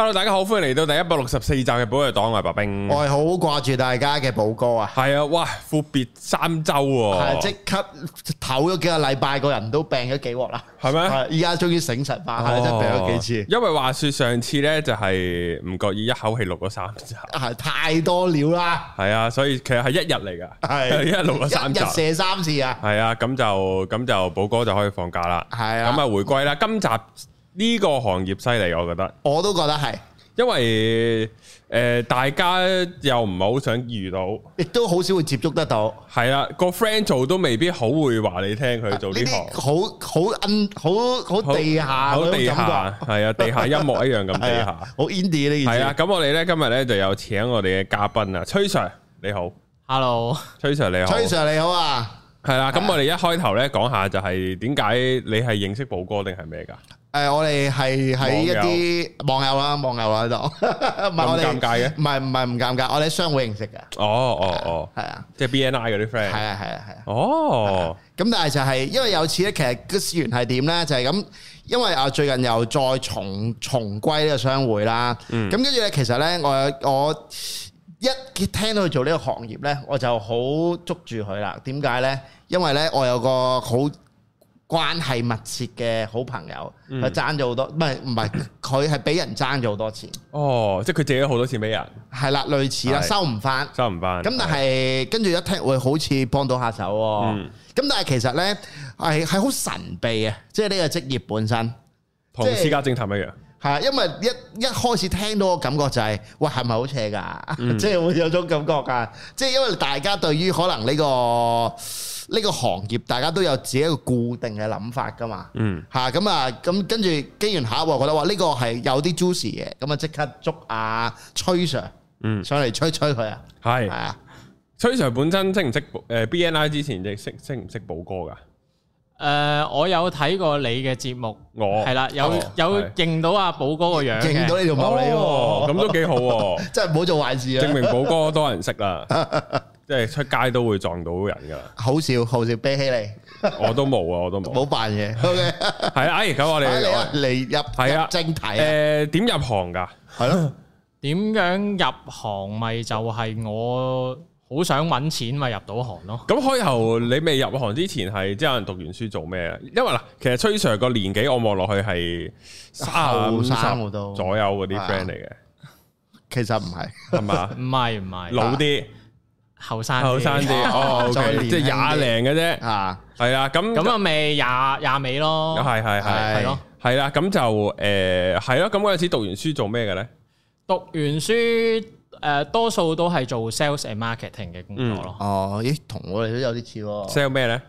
hello，大家好，歡迎嚟到第一百六十四集嘅寶藥黨，啊，我係白兵，我係好掛住大家嘅寶哥啊，係啊，哇，闊別三周、啊，係即、啊、刻唞咗幾個禮拜，個人都病咗幾鑊啦、啊，係咪嗎？依家終於醒神翻，係真係病咗幾次。因為話說上次咧就係唔覺意一口氣錄咗三集，係、啊、太多料啦，係啊，所以其實係一日嚟㗎，係、啊、一日錄咗三集，日射三次啊，係啊，咁就咁就寶哥就可以放假啦，係啊，咁啊回歸啦，今集。呢個行業犀利，我覺得，我都覺得係，因為誒、呃，大家又唔係好想遇到，亦都好少會接觸得到，係啊，個 friend 做都未必會好會話你聽佢做呢行，好好奀好好地下咁樣感覺係啊，地下音樂一樣咁地下，好 indie 呢件事。係啊，咁我哋呢今日呢就有請我哋嘅嘉賓啊，崔 Sir 你好，Hello，崔 Sir 你好，崔 Sir 你好啊。係啦，咁我哋一開頭咧講下就係點解你係認識寶哥定係咩噶誒，我哋係喺一啲網友啦，網友啦喺度，唔係我哋尷尬嘅，唔係唔係唔尷尬，我哋商會認識噶。哦哦哦，係啊，即係 BNI 嗰啲 friend。係啊係啊係啊。哦，咁但係就係因為有次咧，其實個起源係點咧，就係咁，因為啊最近又再重重歸呢個商會啦。嗯。咁跟住咧，其實咧我我。一佢聽到佢做呢個行業呢，我就好捉住佢啦。點解呢？因為呢，我有個好關係密切嘅好朋友，佢爭咗好多，唔係唔係，佢係俾人爭咗好多錢。哦，即係佢借咗好多錢俾人。係啦，類似啦，是收唔翻，收唔翻。咁但係是是跟住一聽，會好似幫到下手喎。咁、嗯、但係其實呢，係係好神秘嘅，即係呢個職業本身同私家偵探一樣。就是係啊，因為一一開始聽到個感覺就係、是，喂係咪好邪噶？嗯、即係會有，有，有種感覺噶，即、就、係、是、因為大家對於可能呢、這個呢、這個行業，大家都有自己一個固定嘅諗法噶嘛，嗯嗯。嗯，吓咁啊，咁跟住，機緣巧合，覺得話呢個係有啲 juicy 嘅，咁啊即刻捉阿崔 Sir 嗯上嚟吹吹佢啊。係啊，崔 Sir 本身識唔識誒 BNI 之前，識識唔識寶哥噶？誒，我有睇過你嘅節目，我係啦，有有認到阿寶哥個樣，認到你條毛尾喎，咁都幾好喎，即係唔好做壞事啊！證明寶哥多人識啦，即係出街都會撞到人噶。好笑，好笑，比起你。我都冇啊，我都冇。冇扮嘢。OK。係啊，哎，咁我哋嚟入係啊，正題啊。誒，點入行㗎？係咯，點樣入行咪就係我。好想揾錢咪入到行咯，啊。咁開頭你未入行之前係即有人讀完書做咩啊？因為嗱，其實崔 Sir 個年紀我望落去係三五卅我都左右嗰啲 friend 嚟嘅。其實唔係係嘛？唔係唔係老啲後生後生啲哦，okay，即係廿零嘅啫嚇。係 啊，咁咁啊咪廿廿尾咯。係係係係咯，係啦，啊。咁、啊啊啊啊、就誒係咯。咁嗰陣時讀完書做咩嘅咧？讀完書。誒，多數都係做 sales and marketing 嘅工作咯。哦，咦，同我哋都有啲似咯。sell 咩咧？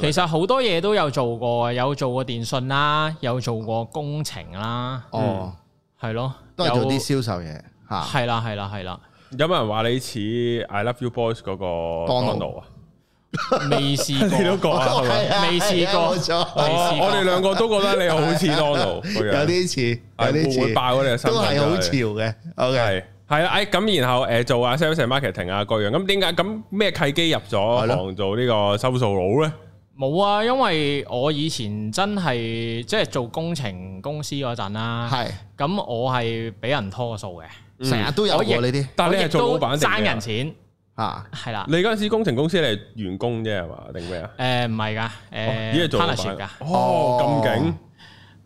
其實好多嘢都有做過，有做過電訊啦，有做過工程啦。哦，係咯，都係做啲銷售嘢。吓，係啦，係啦，係啦。有冇人話你似 I Love You Boys 嗰個 Donald 啊？未試，你都講，未試過，我哋兩個都覺得你好似 Donald，有啲似，有啲似，爆我哋嘅都係好潮嘅。OK。係啦，哎，咁然後誒做啊 sales marketing 啊各樣，咁點解咁咩契機入咗做呢個收數佬咧？冇啊，因為我以前真係即係做工程公司嗰陣啦，係咁我係俾人拖數嘅，成日都有嘢呢啲，但係你係做老闆賺人錢吓，係啦。你嗰陣時工程公司你係員工啫係嘛，定咩啊？誒唔係噶，誒，呢係做 manager 噶，哦咁勁，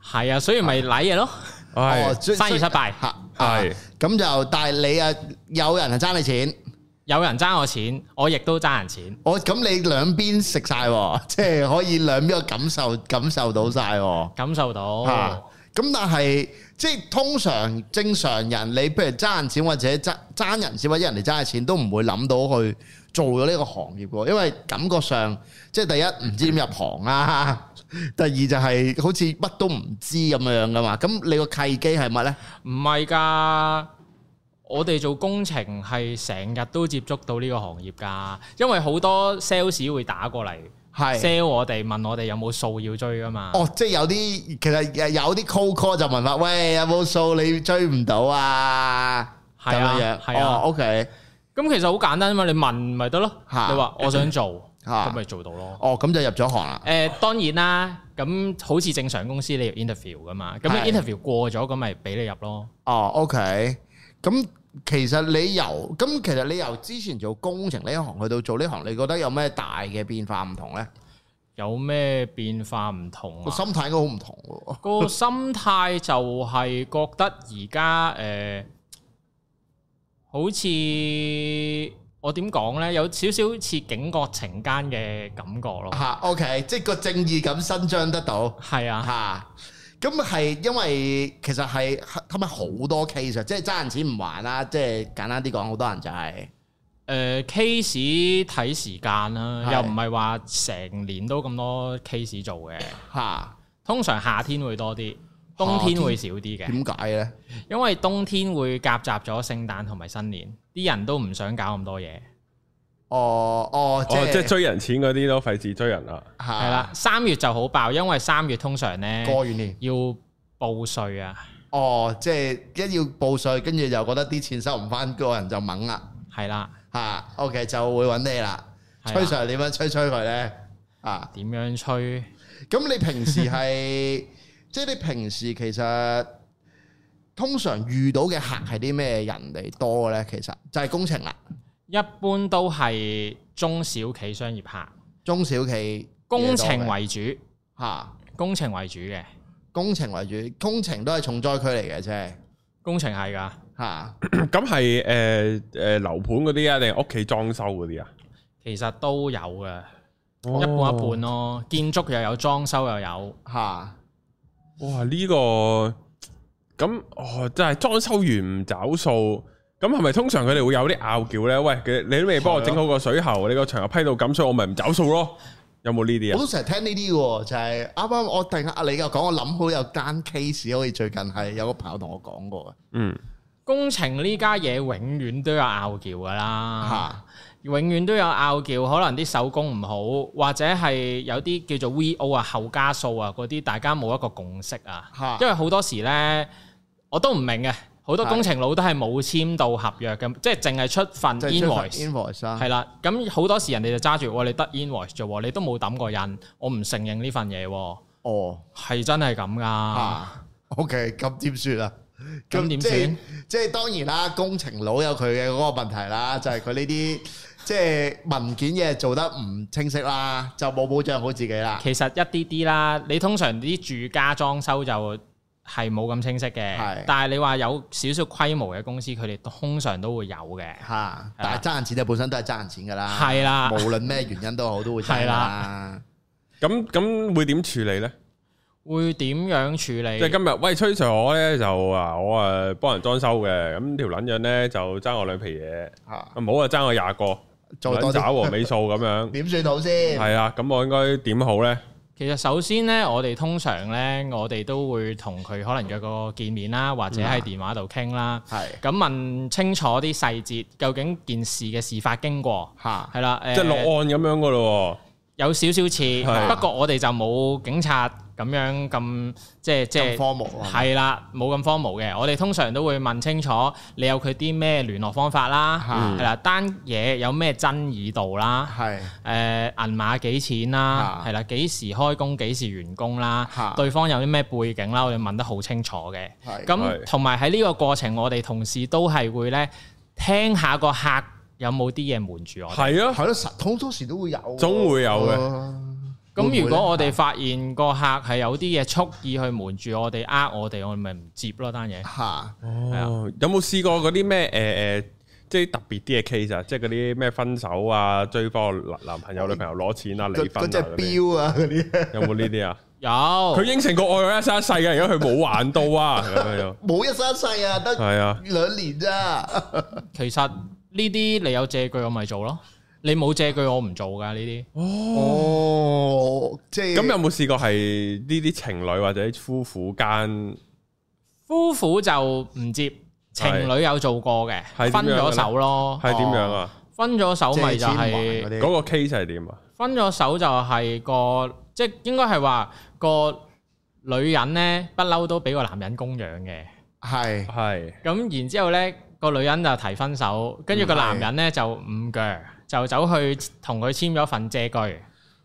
係啊，所以咪賴嘢咯，哎，生意失敗。係，咁、啊、就但係你啊，有人啊爭你錢，有人爭我錢，我亦都爭人錢。我咁你兩邊食晒， 即係可以兩邊嘅感受感受到晒。感受到。吓，咁、啊、但係即係通常正常人，你譬如爭人錢或者爭爭人錢或者人哋爭嘅錢，都唔會諗到去做咗呢個行業嘅，因為感覺上即係第一唔知點入行啦、啊。嗯第二就係、是、好似乜都唔知咁樣噶嘛，咁你個契機係乜咧？唔係噶，我哋做工程係成日都接觸到呢個行業噶，因為好多 sales 會打過嚟，係的 sell 我哋問我哋有冇數要追噶嘛。哦，即係有啲其實有啲 cold call 就問話，喂，有冇數你追唔到啊？係啊，係啊，OK。咁其實好簡單啫嘛，你問咪得咯。的你話我想做。咁咪、啊、做到咯。哦，咁就入咗行啦。誒、呃，當然啦。咁好似正常公司你，是你入 interview 噶嘛？咁 interview 過咗，咁咪俾你入咯。哦，OK。咁其實你由咁其實你由之前做工程呢一行去到做呢行，你覺得有咩大嘅變化唔同咧？有咩變化唔同啊？個心態應該好唔同喎。 個心態就係覺得而家誒，好似～我點講咧？有少少似警惡懲奸嘅感覺咯。嚇，OK，即係個正義感伸張得到。係啊，嚇、啊。咁係因為其實係係咪好多 case 啊？即係爭人錢唔還啦。即係簡單啲講，好多人就係誒 case 睇時間啦，又唔係話成年都咁多 case 做嘅。嚇、啊，通常夏天會多啲。冬、啊、天會少啲嘅，點解呢？因為冬天會夾雜咗聖誕同埋新年，啲人都唔想搞咁多嘢、哦。哦、就是、哦，即、就、係、是、追人錢嗰啲囉，費事追人啦、啊。係啦、啊，三月就好爆，因為三月通常呢，過完年要報稅啊。哦，即、就、係、是、一要報稅，跟住又覺得啲錢收唔翻，個人就猛啦。係啦了，嚇、啊，OK 就會揾你啦。了吹上點樣吹吹佢呢？啊，點樣吹？咁你平時係？即係你平時其實通常遇到嘅客係啲咩人嚟多呢？其實就係工程啦、啊，一般都係中小企商業客，中小企工程為主吓，工程為主嘅，工程為主，工程都係重災區嚟嘅啫。工程係噶吓，咁係誒誒樓盤嗰啲啊，定係屋企裝修嗰啲啊？其實都有嘅，一半一半咯，建築又有，裝修又有吓。啊哇！呢、這個咁哦，即係裝修完唔找數，咁係咪通常佢哋會有啲拗撬呢？喂，你都未幫我整好個水喉，的你個牆又批到咁，所以我咪唔找數咯？有冇呢啲啊？我都成日聽呢啲嘅，就係啱啱我突然間啊你又講，我諗好有間 case，好似最近係有個朋友同我講過。嗯，工程呢家嘢永遠都有拗撬噶啦。吓？永遠都有拗撬，可能啲手工唔好，或者係有啲叫做 V O 啊、後加數啊嗰啲，大家冇一個共識啊。因為好多時咧，我都唔明嘅，好多工程佬都係冇簽到合約嘅，啊、即係淨係出份 invoice、invoice 啊。係啦，咁好多時人哋就揸住我你得 invoice 啫，你都冇抌過印，我唔承認呢份嘢喎。哦，係真係咁噶。OK，咁點算啊？咁點算？即係、即係、當然啦，工程佬有佢嘅嗰個問題啦，就係佢呢啲。即係文件嘢做得唔清晰啦，就冇保障好自己啦。其實一啲啲啦，你通常啲住家裝修就係冇咁清晰嘅。的但係你話有少少規模嘅公司，佢哋通常都會有嘅。吓、啊，但係爭人錢咧，本身都係爭人錢噶啦。係啦的，無論咩原因都好，都會爭。係啦是的，咁 咁會點處理咧？會點樣處理？即係今日，喂，崔 Sir，我咧就啊，我啊幫人裝修嘅，咁條捻樣咧就爭我兩皮嘢，吓， 唔好啊，爭我廿個。做和尾數咁樣，點 算好先？係啊，咁我應該點好咧？其實首先咧，我哋通常咧，我哋都會同佢可能約個見面啦，或者喺電話度傾啦。係、嗯啊，咁問清楚啲細節，究竟件事嘅事發經過。吓，係啦，即係落案咁樣噶咯。嗯有少少似，的不過我哋就冇警察咁樣，咁即係即係，係啦，冇咁荒謬嘅。我哋通常都會問清楚，你有佢啲咩聯絡方法啦，係啦的，單嘢有咩爭議度啦，係的，誒、呃、銀碼幾錢啦，係啦的，幾時開工，幾時完工啦，的對方有啲咩背景啦，我哋問得好清楚嘅。咁同埋喺呢個過程，我哋同事都係會咧聽下個客，客。客人家人家有冇啲嘢瞞住我哋？係啊，係咯，實通通時都會有，總會有嘅。咁如果我哋發現個客係有啲嘢蓄意去瞞住我哋呃我哋，我哋咪唔接咯單嘢。嚇哦，有冇試過嗰啲咩誒誒，即係特別啲嘅 case 啊？即係嗰啲咩分手啊，追個男朋友女朋友攞錢啊，離婚嗰隻表啊啲，有冇呢啲啊？有，佢應承過愛我一生一世嘅，如果佢冇玩到啊！冇一生一世啊，得係啊兩年咋。其實。呢啲你有借據我咪做咯，你冇借據我唔做噶呢啲。哦，即係咁，有冇試過係呢啲情侶或者夫婦間？夫婦就唔接，情侶有做過嘅，分咗手咯。係點樣啊？哦、分咗手咪就係、話、嗰個 case 係點啊？分咗手就係個，即係應該係話個女人呢不嬲都俾個男人供養嘅，係係咁，是然之後呢。個女人就提分手，跟住個男人咧就唔鋸，就走去同佢簽咗份借據。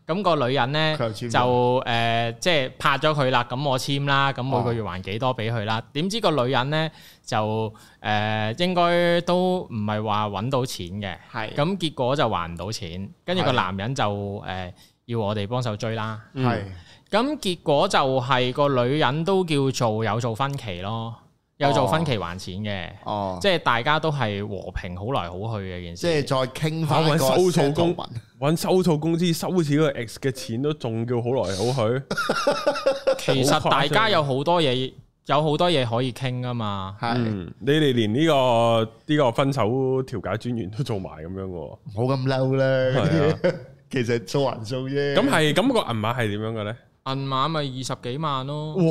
咁、那個女人咧就誒，即係、呃就是、拍咗佢啦。咁我簽啦，咁每個月還幾多俾佢啦？點、哦、知個女人咧就誒、呃，應該都唔係話揾到錢嘅。係咁是結果就還唔到錢，跟住個男人就誒、呃、要我哋幫手追啦。係咁結果就係個女人都叫做有做分期咯。有做分期還錢嘅，哦、即係大家都係和平好來好去嘅件事，即係再傾翻個、啊、收數工，搵收數公司收好似個 X 嘅錢都仲叫好來好去。 其實大家有好多嘢，有好多嘢可以傾啊嘛。係是、嗯、你哋連呢個呢個分手調解專員都做埋咁樣嘅，唔好咁嬲啦。啊、 其實數還數啫。咁係咁個銀碼係點樣嘅咧？銀碼咪二十幾萬咯，哇，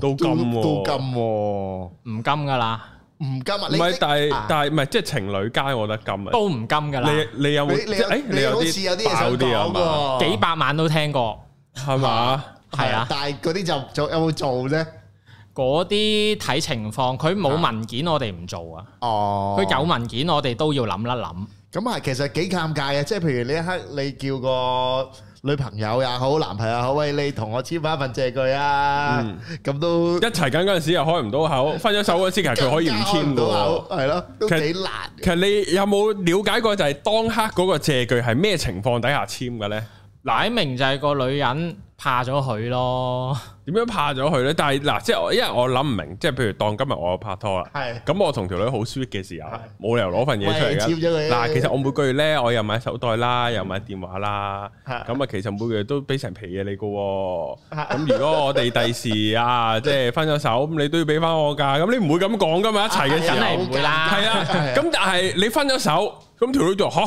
都金喎，都金喎，唔金㗎喇，唔金啊，唔係，但係但係唔係，即係情侶街我覺得金啊，都唔金㗎喇，你你有冇？你你好似有啲嘢想講喎，幾百萬都聽過，係嘛？係啊，但係嗰啲就做有冇做咧？嗰啲睇情況，佢冇文件我哋唔做啊。哦，佢有文件我哋都要諗一諗。咁啊，其實幾尷尬嘅，即係譬如呢一刻你叫個。女朋友也好，男朋友好，喂，你同我簽翻一份借據啊！咁、嗯、都一齊緊嗰陣時又開唔到口， 分咗手嗰時其實佢可以唔簽到，係咯， 都幾難。其實你有冇了解過，就係當刻嗰個借據係咩情況底下簽嘅呢？擺明就係個女人怕咗佢咯，點樣怕咗佢咧？但係嗱，即係因為我諗唔明，即係譬如當今日我拍拖啦，係咁我同條女好 sweet 嘅時候，冇理由攞份嘢出嚟噶。嗱，其實我每個月咧，我又買手袋啦，又買電話啦，咁啊，其實每個月都俾成皮嘢你噶。咁如果我哋第時啊，即係分咗手，咁你都要俾翻我噶，咁你唔會咁講噶嘛？一齊嘅時候，係唔會啦。係啊，咁但係你分咗手，咁條女就吓。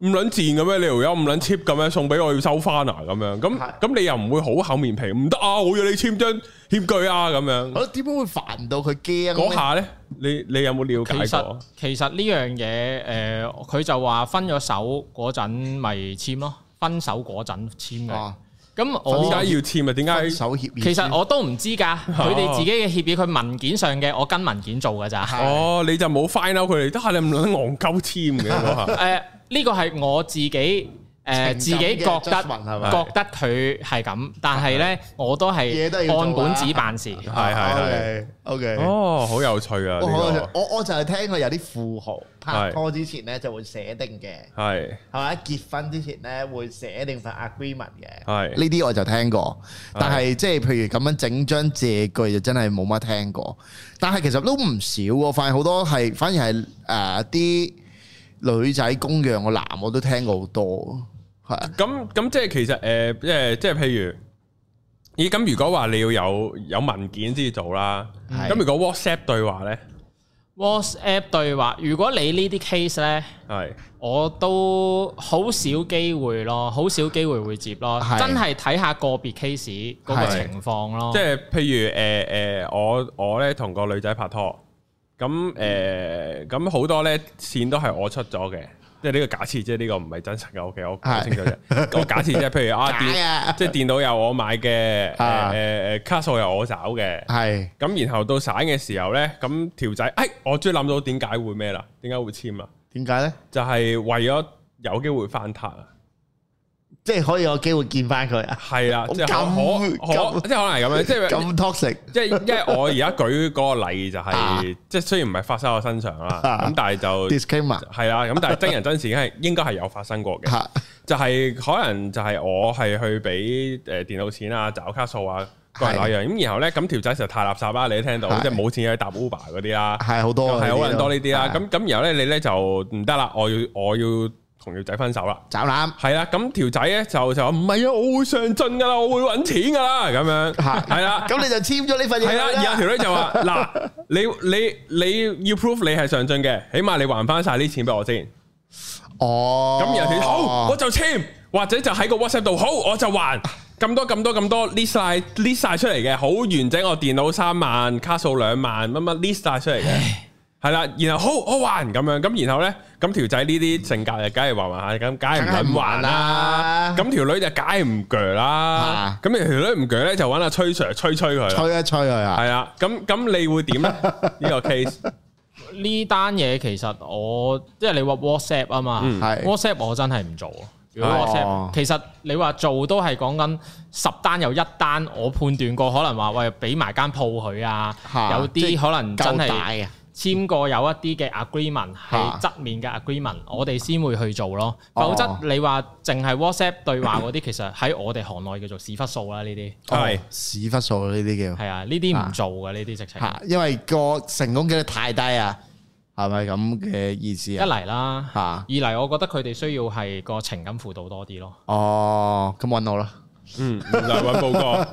唔卵賤咁咩？你又唔卵 cheap 咁樣送俾我，要收翻啊？咁樣咁咁，你又唔會好厚面皮？唔得啊！我要你簽張協議啊！咁樣，點解會煩到佢驚？嗰下咧，你你有冇了解過？其實呢樣嘢，誒，佢、呃、就話分咗手嗰陣咪簽咯，分手嗰陣簽嘅。哦，咁我點解要簽啊？點解我？手協議、啊。其實我都唔知噶，佢哋自己嘅協議，佢文件上嘅，我跟文件做噶咋。哦、啊，你就冇 find out 佢哋，得、哎、係你唔卵戇鳩簽嘅下。誒、啊。 呢個係我自己誒，自己覺得覺得佢係咁，但係咧我都係按本子辦事，係係係，OK，哦，好有趣啊！我我就係聽過有啲富豪拍拖之前咧就會寫定嘅，係係咪結婚之前咧會寫定份 agreement 嘅？係呢啲我就聽過，但係即係譬如咁樣整張借據就真係冇乜聽過，但係其實都唔少喎，反而好多係反而係誒啲。女仔供養個男我都聽過好多，係啊。咁咁即係其實誒誒、呃、即係譬如，咦咁如果話你要有有文件先做啦，咁的如果 WhatsApp 對話咧，WhatsApp 對話，如果你呢啲 case 咧，係的我都好少機會咯，好少機會會接咯，的真係睇下個別 case 嗰個情況咯。即係譬如誒誒、呃呃、我我咧同個女仔拍拖。咁誒，咁好、嗯嗯、多咧線都係我出咗嘅，即係呢個假設，即係呢個唔係真實嘅 OK，我講清楚啫。我是 假設即係譬如啊電，啊即係電腦由我買嘅，誒誒、啊呃、卡數由我找嘅，係咁、啊。然後到散嘅時候咧，咁條仔，哎，我終於諗到點解會咩啦？點解會簽啊？點解咧？就係為咗有機會翻撻啊！即係可以有機會見翻佢，係啦，即係可即係可能係咁樣，即係咁 toxic。即係因為我而家舉嗰個例就係，即係雖然唔係發生我身上啦，咁但係就 d 係啦，咁但係真人真事，係應該係有發生過嘅。就係可能就係我係去俾誒電腦錢啊、找卡數啊，嗰樣嗰樣咁。然後咧，咁條仔就太垃圾啦，你都聽到即係冇錢要搭 Uber 嗰啲啦，係好多係好多呢啲啦。咁咁然後咧，你咧就唔得啦，我要我要。同條仔分手啦，斬纜係啦，咁條、啊、仔咧就就話唔係啊，我會上進噶啦，我會搵錢噶啦，咁樣係係啦，咁你、 啊、就簽咗呢份嘢啦。係啦，而家條女就話嗱，你你你要 prove 你係上進嘅，起碼你還翻晒啲錢俾我先。哦，咁然後好，我就簽，或者就喺個 WhatsApp 度好，我就還咁多咁多咁多 list 晒 list 晒出嚟嘅，好完整，我電腦三萬卡數兩萬乜乜 list 晒出嚟嘅。 係啦，然後好我還咁樣，咁然後咧，咁條仔呢啲、那個、性格就梗係還還下，咁梗係唔肯還啦。咁條女就梗係唔鋸啦。咁條女唔鋸咧，就揾阿崔 Sir 吹吹佢。吹一吹佢啊。係啊，咁咁你會點咧？呢 個 case 呢單嘢其實我，即係你話 WhatsApp 啊嘛是，WhatsApp 我真係唔做。如果 WhatsApp，是其實你話做都係講緊十單有一單，我判斷過可能話喂俾埋間鋪佢啊，有啲可能真係大。真簽過有一啲嘅 agreement 係側面嘅 agreement，我哋先會去做咯，否則你話淨係 WhatsApp 對話嗰啲，其實喺我哋行內叫做屎忽數啦呢啲，係屎忽數呢啲叫係啊，呢啲唔做㗎呢啲直情，因為個成功機率太低啊，係咪咁嘅意思？一嚟啦嚇，二嚟我覺得佢哋需要係個情感輔導多啲咯。哦，咁搵我啦。 嗯，留魂報告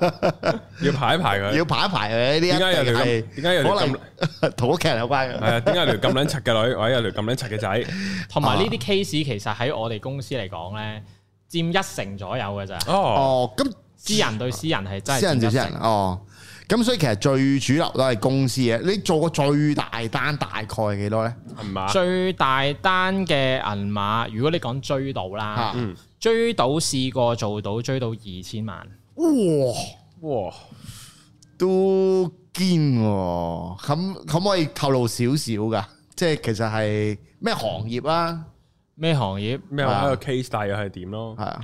要排一排佢，要排一排佢呢？點解有條？點解有可能同屋企人有關嘅？啊？係啊，點解有條咁卵柒嘅女？或者有條咁卵柒嘅仔。同埋呢啲 case 其實喺我哋公司嚟講咧，佔一成左右嘅咋？哦，哦，咁私人對私人係真係私人對私人哦。咁所以其實最主流都係公司嘅。你做過最大單大概幾多咧？係嘛碼？最大單嘅銀碼，如果你講追到啦，嗯。追到試過做到追到二千萬，哇哇都堅喎，啊！咁可唔可，可以透露少少噶？即係其實係咩行業啊？咩行業？咩話，個 case 大約係點咯？係啊，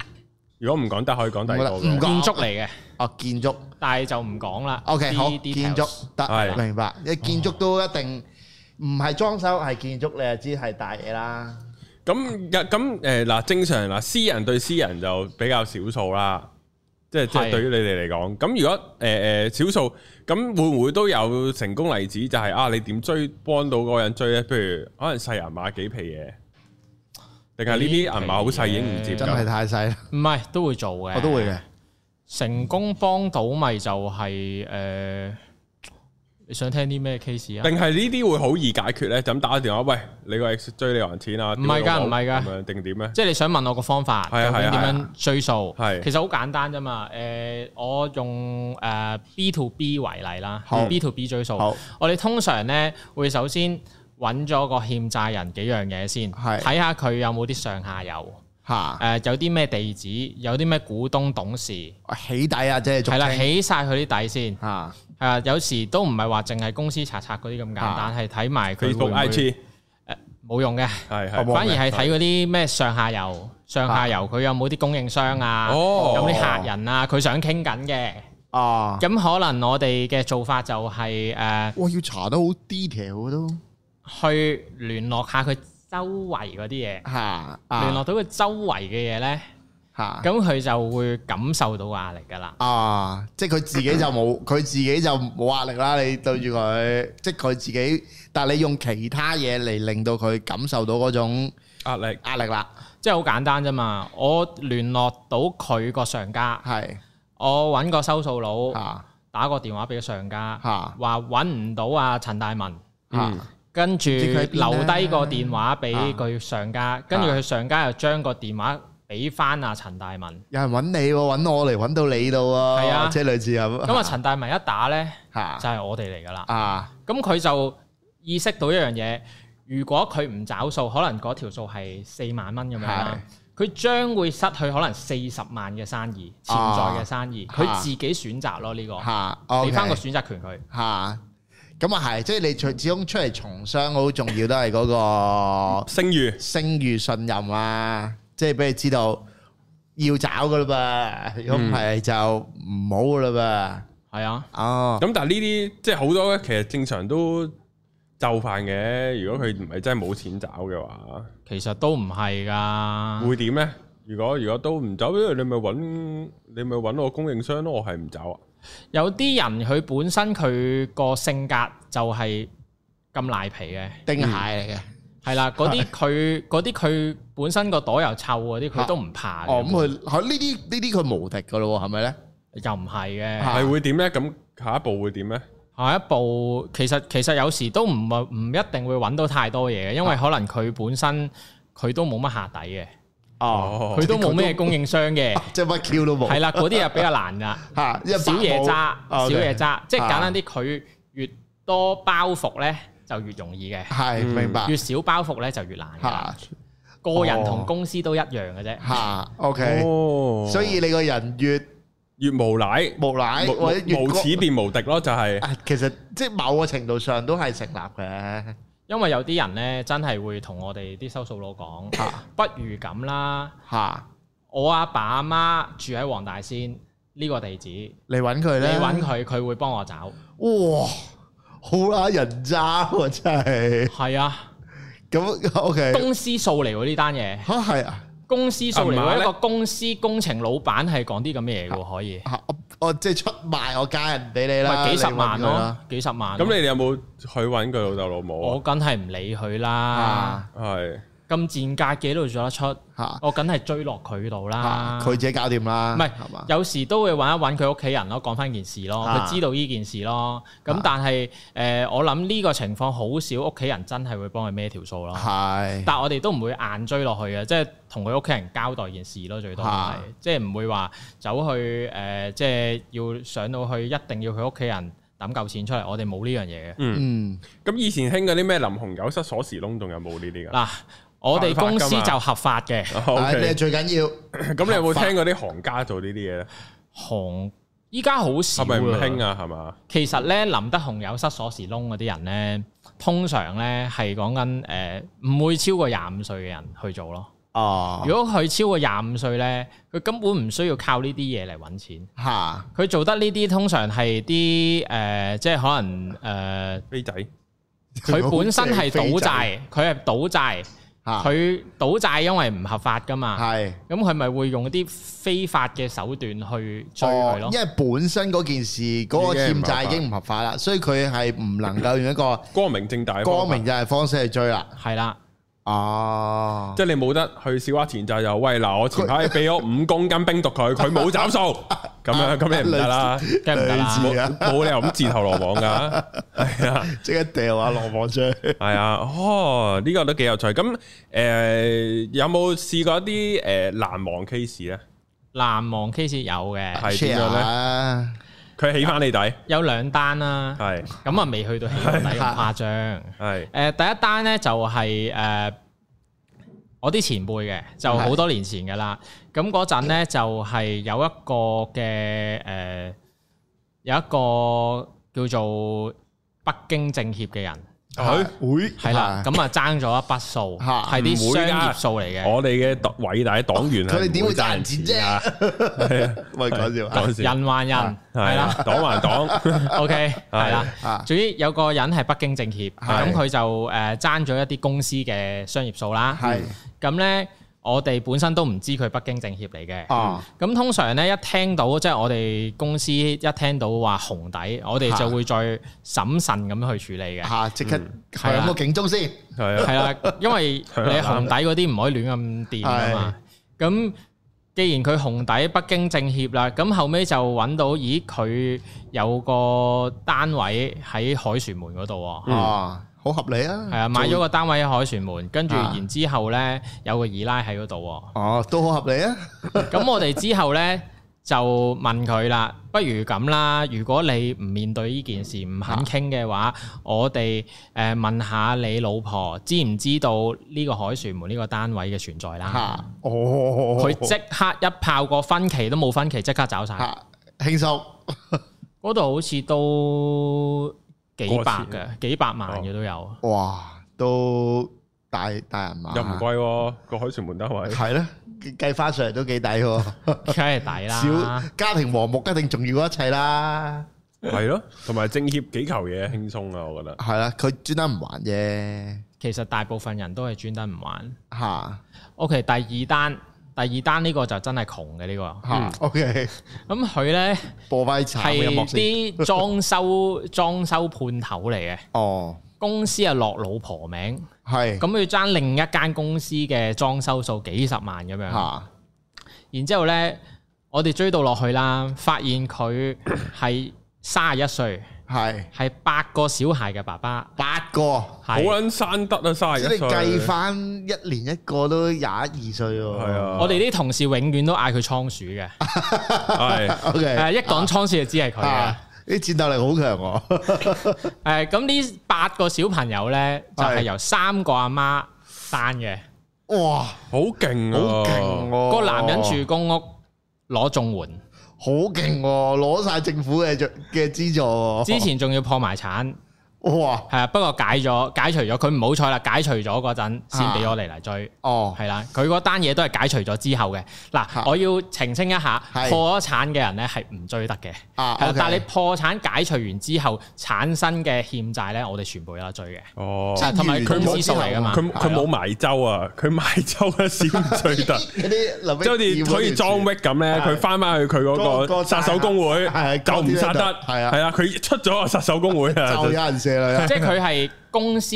如果唔講得可以講得。二說建築嚟嘅哦，建築，但係就唔講啦。OK，好，the details. 建築得，明白。啲、嗯、建築都一定唔係裝修，係建築，你就知係大嘢啦。咁咁誒嗱，正常嗱，私人對私人就比較少數啦，的即係即係對於你哋嚟講。咁如果誒誒少數咁，會唔會都有成功例子？就係、是、啊，你點追幫到嗰個人追咧？譬如可能細人馬幾皮嘢，定係呢啲人馬好細已經唔接，真係太細啦。唔係都會做嘅，我都會嘅。成功幫到咪就係、是、誒。呃你想聽啲咩 case 啊？定係呢啲會好易解決咧？就咁打個電話，喂，你個 X 追你還錢啊？唔係噶，唔係噶，定點咧？即係你想問我個方法，究竟點樣追數？係，其實好簡單啫嘛。誒，我用誒 B to B 為例啦，B to B 追數。我哋通常咧會首先搵咗個欠債人幾樣嘢先，睇下佢有冇啲上下游吓，誒，有啲咩地址，有啲咩股東董事，起底啊，即係係啦，起晒佢啲底先啊。係、啊、有時都唔係話淨係公司查冊嗰啲咁簡單，係睇埋佢 IG，冇用嘅，係係反而係睇嗰啲咩上下游、啊、上下游佢有冇啲供應商啊，哦、有冇啲客人啊，佢想傾緊嘅，哦、啊，咁可能我哋嘅做法就係、係、誒，啊、哇，要查得好 detail 都，去聯絡下佢周圍嗰啲嘢，嚇、啊，啊、聯絡到佢周圍嘅嘢呢。咁佢就會感受到壓力噶啦。啊，即係佢自己就冇，佢 自己就冇壓力啦。你對住佢，即係佢自己。但係你用其他嘢嚟令到佢感受到嗰種壓力，壓力啦。即係好簡單啫嘛。我聯絡到佢個上家，係是我揾個收數佬，是打個電話俾佢上家，話揾唔到阿陳大文，跟住佢留低個電話俾佢上家，跟住佢上家又將個電話，是俾翻阿陳大文，有人揾你、啊，揾我嚟，揾到你度啊，係啊，即係類似咁。咁啊，陳大文一打咧，就係、是、我哋嚟噶啦。啊，咁佢就意識到一樣嘢，如果佢唔找數，可能嗰條數係四萬蚊咁樣，佢將會失去可能四十萬嘅生意，潛在嘅生意，佢、啊、自己選擇咯呢、這個。嚇、啊，俾、okay，翻個選擇權佢。嚇、啊，咁啊係，即係你從始終出嚟從商，好重要都係嗰個聲譽、聲譽、信任啊。即係俾你知道要找嘅啦噃，如果唔係就唔好嘅啦噃。係啊，哦，咁但係呢啲即係好多咧，其實正常都就範嘅。如果佢唔係真係冇錢找嘅話，其實都唔係噶。會點咧？如果如果都唔走，因為你咪揾你咪揾我供應商咯。我係唔走啊。有啲人佢本身佢個性格就係咁賴皮嘅，丁蟹嚟嘅。係啦，嗰啲佢啲佢本身個袋又臭嗰啲，佢都唔怕、啊。哦，咁佢喺呢啲呢啲佢無敵噶咯，係咪咧？又唔係嘅。係會點咧？咁下一步會點咧？下一步其實其實有時都唔唔一定會揾到太多嘢嘅，因為可能佢本身佢都冇乜下底嘅。哦，佢、嗯、都冇咩供應商嘅、哦，即乜、啊、Q 都冇。係啦，嗰啲又比較難噶嚇，小嘢渣，小嘢渣，即係簡單啲，佢越多包袱咧，就越容易嘅，係明白。越少包袱咧，就越難。個人同公司都一樣嘅啫。吓，OK。所以你個人越越無賴，無賴或者越無恥變無敵咯，就係。其實即係某個程度上都係成立嘅，因為有啲人咧真係會同我哋啲收數佬講，吓，不如咁啦。吓，我阿爸阿媽住喺黃大仙呢個地址，你揾佢咧，你揾佢，佢會幫我找。哇！好啦，人渣真係係啊，咁、啊、OK，公司數嚟喎，呢單嘢，吓係啊，啊公司數嚟喎，一個公司工程老闆係講啲咁嘢嘅，可以，啊啊、我我即係出賣我家人俾你啦，幾十萬咯、啊，幾十萬、啊，咁你哋有冇去搵佢老豆老母？啊、我梗係唔理佢啦，係、啊。咁賤格嘅都做得出我梗係追落佢度啦。佢自己搞掂啦。唔係，有時都會揾一揾佢屋企人咯，講翻件事咯，佢知道呢件事咯。咁但係誒，我諗呢個情況好少屋企人真係會幫佢孭條數咯。但係我哋都唔會硬追落去嘅，即係同佢屋企人交代件事咯，最多係，即係唔會話走去誒，即係要上到去一定要佢屋企人揼嚿錢出嚟，我哋冇呢樣嘢嘅。嗯，咁以前興嗰啲咩林紅有失鎖匙窿，仲有冇呢啲㗎？嗱。我哋公司就合法嘅，你最緊要。咁、okay， 你有冇聽過啲行家做呢啲嘢咧？係咪唔行依家好少啦，係咪唔興啊？係嘛？其實咧，林德雄有失鎖匙窿嗰啲人咧，通常咧係講緊誒，唔、呃、會超過廿五歲嘅人去做咯。哦、啊，如果佢超過廿五歲咧，佢根本唔需要靠呢啲嘢嚟搵錢。吓、啊，佢做得呢啲通常係啲誒，即係可能誒，呃、飛仔。佢本身係賭債，佢係賭債。佢賭債因為唔合法噶嘛，係是，咁佢咪會用一啲非法嘅手段去追佢咯。哦？因為本身嗰件事嗰、那個欠債已經唔合法啦，法所以佢係唔能夠用一個光明正大、光明正大方式去追啦。係啦。哦，啊、即係你冇得去小阿田就又喂嗱，我前排俾咗五公斤冰毒佢，佢冇斬數，咁 樣咁你唔得啦，梗係唔得，冇似理由咁自投羅網噶，係 啊，即刻掉下羅網出去，係啊，哦，呢、這個都幾有趣，咁誒、呃、有冇試過一啲誒難忘 case 咧？難忘 case 有嘅，係點是佢起翻你底，啊、有兩單啦、啊。係是，咁啊未去到起翻底咁誇張。係的、呃，第一單咧就係、是、誒、呃、我啲前輩嘅，就好多年前嘅啦。咁嗰陣咧就係、是、有一個嘅誒、呃、有一個叫做北京政協嘅人。佢會係啦，咁啊爭咗一筆數，係啲商業數嚟嘅。我哋嘅偉大嘅黨員，佢哋點會賺人錢啫？喂，講笑，講笑。人還人係啦，黨還黨。OK，係啦。總之有個人係北京政協，咁佢就誒爭咗一啲公司嘅商業數啦。係咁咧。我哋本身都唔知佢北京政協嚟嘅，咁通常咧一聽到即係我哋公司一聽到話紅底，我哋就會再審慎咁去處理嘅，嚇即刻係有冇警鐘先，係啦，因為你紅底嗰啲唔可以亂咁掂啊嘛。咁既然佢紅底北京政協啦，咁後尾就揾到，咦佢有個單位喺凱旋門嗰度啊，好合理啊！係啊對，做買咗個單位喺凱旋門，跟住然之後咧、啊、有個二奶喺嗰度。哦、啊，都好合理啊！咁 我哋之後咧就問佢啦，不如咁啦，如果你唔面對呢件事唔肯傾嘅話，啊、我哋誒問下你老婆知唔知道呢個凱旋門呢個單位嘅存在啦。吓、啊、哦，哦，哦，佢即刻一炮過分期都冇分期，即刻走晒，輕鬆、啊。嗰度 好似都。幾百嘅，幾百萬嘅都有。哇，都大大人買，又唔貴，過海全門單位。係咧，計翻上嚟都幾抵，梗係抵啦。小家庭和睦一定重要一切啦。係咯， 同埋政協幾球嘢輕鬆啊，我覺得。係啦，佢專登唔還啫。其實大部分人都係專登唔還。吓是，OK，第二單。第二單呢個就真係窮嘅呢個，OK。咁佢咧係啲裝修 裝修判頭嚟嘅，哦，公司啊落老婆名，係咁佢爭另一間公司嘅裝修數幾十萬咁樣，啊、然之後咧我哋追到落去啦，發現佢係三十一歲。 係係八個小孩嘅爸爸，八個，好撚生得啊，卅一歲。即係計翻一年一個都廿二歲喎。係啊，我哋啲同事永遠都嗌佢倉鼠嘅。係 是，OK。誒，一講倉鼠就知係佢。啊。啲戰鬥力好強啊。誒， 咁呢八個小朋友咧，就係、是、由三個阿媽生嘅。哇，啊，好勁，啊，好勁。個男人住公屋攞綜援。好勁喎、哦！攞曬政府嘅嘅資助， 之前仲要破埋產。哇，係啊！不過解咗、解除咗，佢唔好彩啦。解除咗嗰陣先俾我嚟嚟追，係啦。佢嗰單嘢都係解除咗之後嘅。嗱，我要澄清一下，破產嘅人咧係唔追得嘅，係啊。但係你破產解除完之後產生嘅欠債咧，我哋全部有得追嘅。哦，同埋佢冇收嚟嘛？佢佢冇埋周啊！佢埋周嘅事唔追得。啲，即係好似裝逼咁咧，佢翻返去佢嗰個殺手公會，係救唔殺得。係啊，係啊，佢出咗個殺手公會啊！即係佢係公司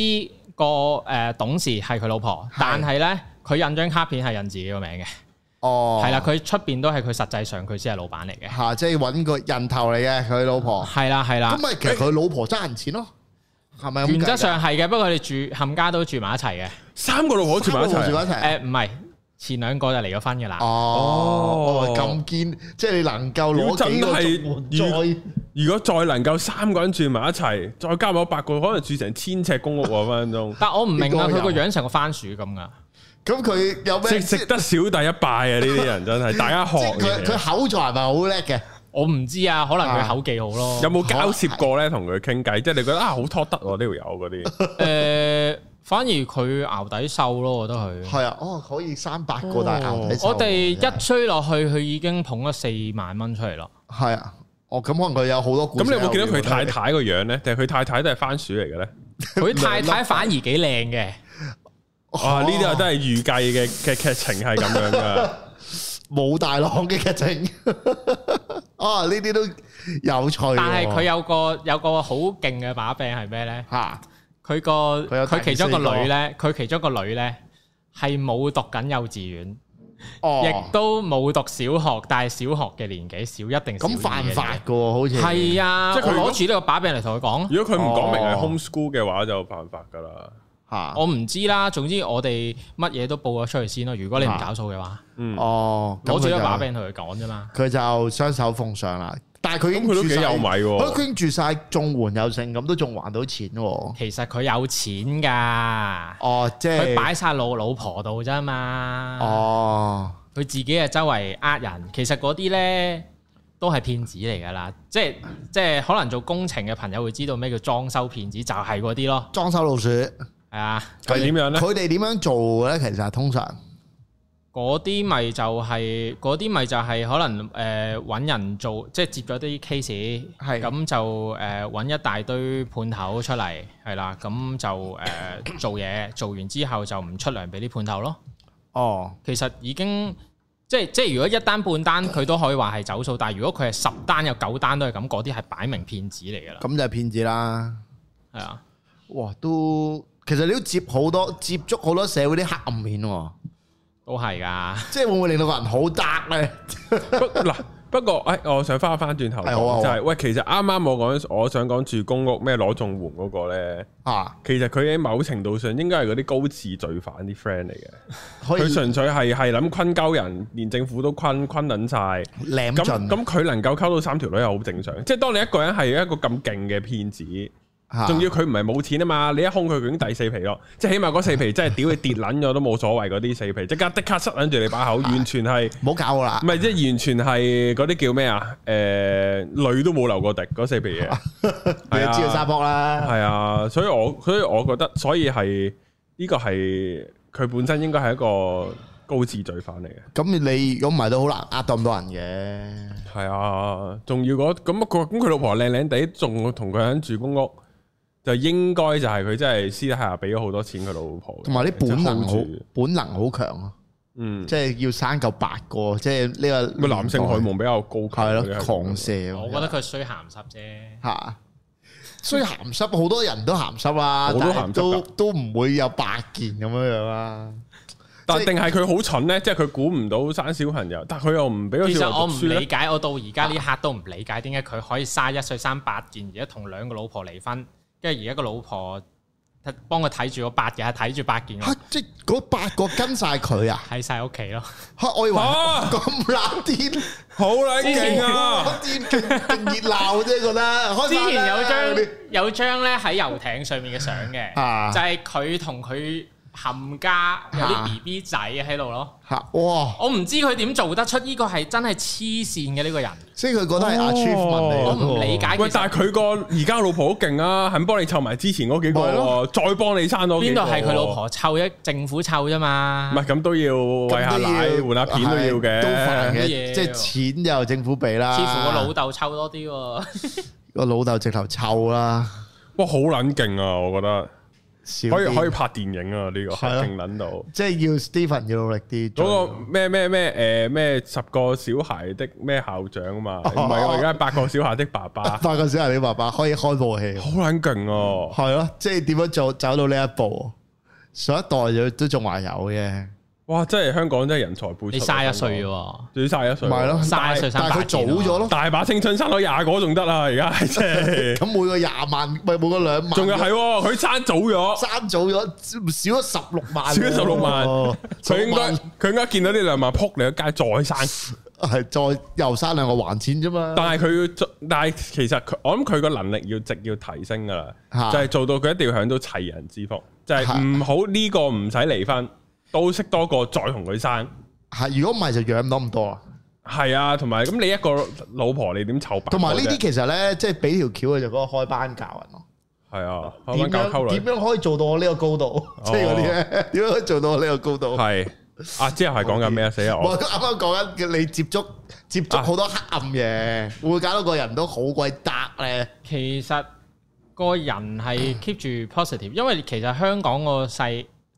個誒、呃、董事係佢老婆，的但係咧佢印張卡片係印自己個名嘅，係啦、哦。佢出邊都係佢，實際上佢先係老闆嚟嘅，吓、啊、即係搵個人頭嚟嘅。佢老婆係啦，係啦，咁咪其實佢老婆揸人錢咯，係咪？原則上係嘅，不過佢哋住冚家都住埋一齊嘅，三個老婆住埋一齊，住埋一齊。誒唔係，前兩個就離咗婚噶啦。哦，咁堅、哦、即係你能夠攞幾是？係再。如果再能夠三個人住埋一齊，再加埋八個，可能住成千尺公屋喎，分分鐘。但我唔明啊，佢個樣成個番薯咁噶。咁佢有咩？值值得小弟一拜啊！呢啲人真係大家學。佢口才係咪好叻嘅？我唔知啊，可能佢口技好咯。有冇交涉過咧？同佢傾偈，即係你覺得啊，好拖得喎呢條友嗰啲。誒，反而佢牛底瘦咯，我覺得佢係啊。哦，可以三百個大牛底瘦。我哋一吹落去，佢已經捧咗四萬蚊出嚟咯。係啊。哦，咁可能佢有好多故事。咁你有冇見到佢太太個樣咧？定係佢太太都係番薯嚟嘅咧？佢太太反而幾靚嘅。啊，呢啲都係預計嘅嘅劇情係咁樣噶。武大郎嘅劇情。啊，呢啲都有趣。但係佢有個有個好勁嘅把柄係咩咧？吓，佢個佢其中一個女咧，佢其中一個女咧係冇讀緊幼稚園。哦，亦都冇讀小學，但係小學嘅年紀小一定咁犯法噶喎，好似係啊，即係佢攞住呢個把柄嚟同佢講。如果佢唔講明係 homeschool 嘅話，就犯法噶啦。吓、哦，我唔知啦，總之我哋乜嘢都報咗出去先咯。如果你唔搞數嘅話、啊，嗯，哦，攞住個把柄同佢講啫嘛。佢就雙手奉上啦。但佢已佢都幾有米喎。佢已經住晒，綜援又剩咁，都仲還到錢啊。其實佢有錢噶，哦，即係佢擺晒老老婆度啫嘛。哦，佢自己啊周圍呃人，其實嗰啲咧都係騙子嚟噶啦。即係即係可能做工程嘅朋友會知道咩叫裝修騙子，就係嗰啲咯。裝修老鼠係啊，佢點樣咧？佢哋點樣做咧？其實通常。嗰啲咪就係嗰啲咪就係可能誒揾人做，即係接咗啲 case，係咁就誒揾一大堆判頭出嚟，係啦，咁就誒做嘢，做完之後就唔出糧俾啲判頭咯。哦，其實已經即係即係，如果一單半單佢都可以話係走數，但係如果佢係十單有九單都係咁，嗰啲係擺明騙子嚟㗎啦。咁就係騙子啦，係啊！哇，都其實你都接好多接觸好多社會啲黑暗片喎。都係噶，即係會唔會令到個人好 dark 咧？ 不嗱，不過誒、哎，我想翻翻轉頭 就係、是，喂，其實啱啱我講，我想講住公屋咩攞綜援嗰個咧啊，其實佢喺某程度上應該係嗰啲高次罪犯啲 friend 嚟嘅，佢純 以粹係係諗困鳩人，連政府都困困撚晒，咁咁，佢能夠溝到三條女係好正常，即係當你一個人係一個咁勁嘅騙子。仲要佢唔係冇錢啊嘛！你一控佢，佢已經第四皮咯，即係起碼嗰四皮真係屌你跌卵咗都冇所謂嗰啲 四皮，即刻即刻塞卵住你把口，完全係唔好搞啦！唔係即係完全係嗰啲叫咩、呃、 啊？誒淚都冇流過滴嗰四皮嘢，你要知道沙煲啦。係啊，所以我所以我覺得所以係呢、呢個係佢本身應該係一個高智罪犯嚟嘅。咁你如果唔係都好難，呃到咁多人嘅，係啊！仲要嗰咁佢咁佢老婆靚靚地，仲同佢喺住公屋。就應該就係佢真係私底下俾咗好多錢佢老婆，同埋啲本能好本能好強啊，嗯，即係要生夠八個，即係呢個男性荷爾蒙比較高級咯，嗯、狂射。對狂我覺得佢衰鹹濕啫，嚇、啊！衰鹹濕，好多人都鹹濕啊，都都唔會有八件咁樣樣、啊、啦。但定係佢好蠢咧？即係佢估唔到生小朋友，但佢又唔俾個小朋、啊、我唔理解，我到而家呢刻都唔理解點解佢可以生一歲生八件，而家同兩個老婆離婚。跟住而家個老婆幫佢睇住個八日，睇住八件。件即嗰八個跟晒佢啊，喺晒屋企咯。我以為咁冷天，好冷勁喎！熱鬧啫，覺得。之前有張 有張咧喺遊艇上面嘅相嘅，啊、就係佢同佢。冚家有啲 BB 仔喺度咯，嚇！哇！我唔知佢點做得出，呢個係真係黐線嘅呢個人，即係佢覺得係 achievement 我唔理解。喂，但係佢個而家老婆好勁啊，肯幫你湊埋之前嗰幾個，再幫你撐到。邊度係佢老婆湊，一政府湊啫嘛？唔係咁都要餵下奶換下片都要嘅，都煩嘅嘢。即係錢又政府俾啦。似乎我老豆湊多啲喎，我老豆直頭湊啦。哇！好撚勁啊，我覺得。可以可以拍電影啊！呢個肯定撚到，即係要 Stephen 要努力啲。嗰個咩咩咩誒咩十個小孩的咩校長啊嘛，唔係我而家八個小孩的爸爸。八個小孩的爸爸可以開部戲，好撚勁喎！係咯，啊啊，即係點樣做走到呢一步？上一代佢都仲話有嘅。哇！真係香港真係人才輩出，你嘥一歲喎，要嘥一歲，係咯，嘥一歲三但係佢早咗咯，大把青春生到廿個仲得啊！而家即係咁，每個廿萬，咪每個兩萬，仲係佢生早咗，生早咗少咗十六萬，少咗十六萬，佢應該佢應該見到呢兩萬扑你一街，再生係再又生兩個還錢啫嘛。但係佢要但係其實佢我諗佢個能力要直要提升噶啦，就係做到佢一定要享到齊人之福，就係唔好呢個唔使離婚。都識多個再同佢生，係如果唔係就養唔到咁多啊。係啊，同埋咁你一個老婆你點湊？同埋呢啲其實咧，即係俾條橋就嗰、是、個開班教人咯。係啊，點樣點樣可以做到我呢個高度？哦、即係嗰啲咧，點樣可以做到我呢個高度？係啊，之後係講緊咩啊？我也死啊我！我啱啱講緊你接觸接觸好多黑暗嘢，啊、會搞到個人都好鬼 dark 咧。其實個人係 keep 住 positive，因為其實香港個世。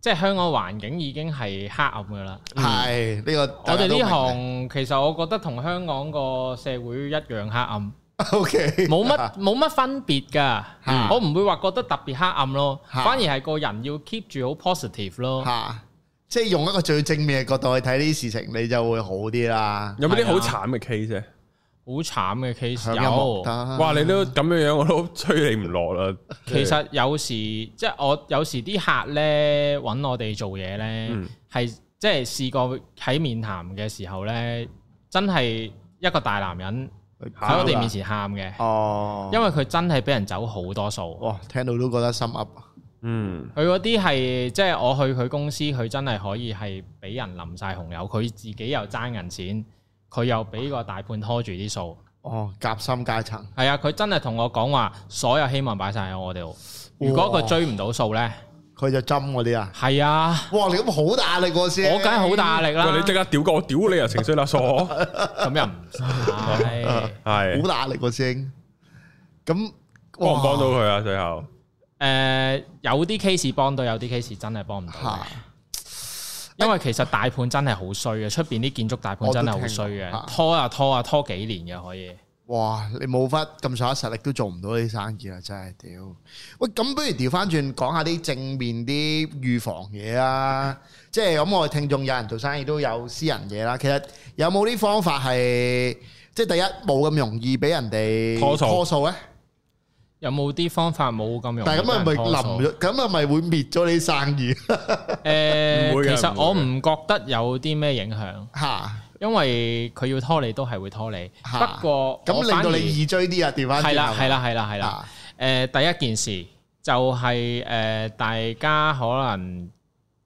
即係香港環境已經係黑暗㗎啦，係呢、呢個。我哋呢行其實我覺得同香港個社會一樣黑暗，OK，冇乜冇乜分別㗎。啊、我唔會話覺得特別黑暗咯，啊、反而係個人要 keep 住好 positive 咯，啊、即係用一個最正面嘅角度去睇呢啲事情，你就會好啲啦。有冇啲好慘嘅 case？好慘嘅 case 嗎有，哇！你都咁樣樣，我都催你唔落啦。 其實有時即係我有時啲客咧揾我哋做嘢咧，係、嗯、即係試過喺面談嘅時候咧，真係一個大男人喺我哋面前喊嘅。哦，因為佢真係俾人走好多數。哇！哦、聽到都覺得心噏。嗯，佢嗰啲係即係我去佢公司，佢真係可以係俾人淋晒紅油，佢自己又爭銀錢。佢又俾呢個大判拖住啲數，哦，夾心階層，係啊！佢真係同我講話，所有希望擺晒喺我哋度。如果佢追唔到數咧，佢就針嗰啲啊！係啊！哇！你咁好大壓力喎先。我梗係好大壓力啦！你即刻屌我，屌你又情緒拉索咁又係係好大壓力喎先，咁幫唔幫到佢啊最後？誒有啲 case 幫到，有啲 case 真係幫唔到。因為其實大盤真係好衰嘅，出邊啲建築大盤真係好衰嘅，拖啊拖啊拖幾年嘅可以。哇！你冇法咁上下實力都做唔到啲生意啊，真係屌。喂，咁不如調翻轉講下啲正面啲預防嘢啦，嗯、即係咁我哋聽眾有人做生意都有私人嘢啦。其實有冇啲方法係即係第一冇咁容易俾人哋拖數咧？拖數拖數有冇啲方法冇咁容易但咁係咪？但係咁啊，咪淋咗，咁啊咪會滅咗你生意。誒、 呃，其實我唔覺得有啲咩影響嚇，啊、因為佢要拖你都係會拖你。啊、不過咁令到你易追啲啊，調翻轉頭，係啦，係啦，係啦，係啦。誒，第一件事就係、是、誒、呃，大家可能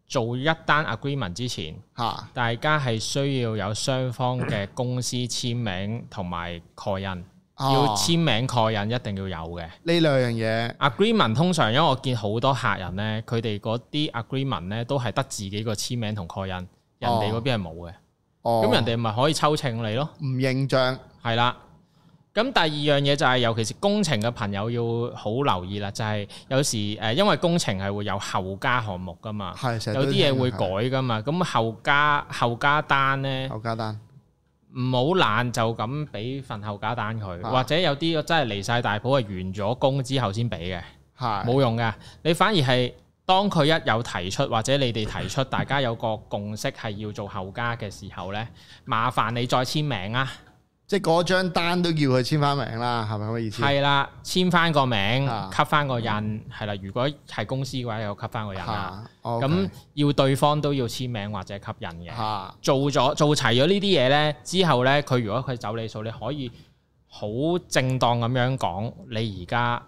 做一單 agreement 之前嚇，啊啊、大家係需要有雙方嘅公司簽名同埋蓋印。哦、要簽名蓋印，一定要有嘅呢兩樣嘢。Agreement 通常，因為我見好多客人咧，佢哋嗰啲 agreement 咧都係得自己個簽名同蓋印，人哋嗰邊係冇嘅。哦，咁人哋咪、哦、可以抽請你咯，唔認章。係啦。咁第二樣嘢就係、是，尤其是工程嘅朋友要好留意啦，就係、是、有時誒，因為工程係會有後加項目噶嘛，的有啲嘢會改噶嘛。咁的後加後加單咧，後加單。唔好懶就咁俾份後家單佢。啊、或者有啲真係離晒大譜啊，完咗工之後先俾嘅，係冇、啊、用嘅。你反而係當佢一有提出，或者你哋提出，大家有個共識係要做後家嘅時候呢，麻煩你再簽名啊！即係嗰張單都要佢簽翻名啦，係咪咁嘅意思？係啦，簽翻個名，啊、吸翻個印，係啦、嗯。如果係公司嘅話，要吸翻個印啊。咁、okay, 要對方都要簽名或者吸印嘅、啊。做咗做齊咗呢啲嘢咧，之後咧，佢如果佢走你數，你可以好正當咁樣講，你而家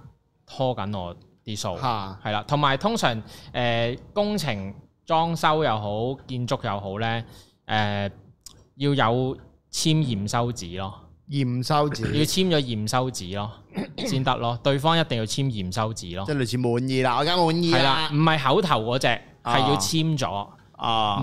拖緊我啲數。嚇、啊，係啦。同埋通常誒、呃、工程裝修又好，建築又好咧，誒、呃、要有。簽驗收紙咯，驗收紙要簽咗驗收紙咯，先得咯。對方一定要簽驗收紙咯，即係類似滿意啦。我而家滿意啦，唔係口頭嗰隻，係要簽咗，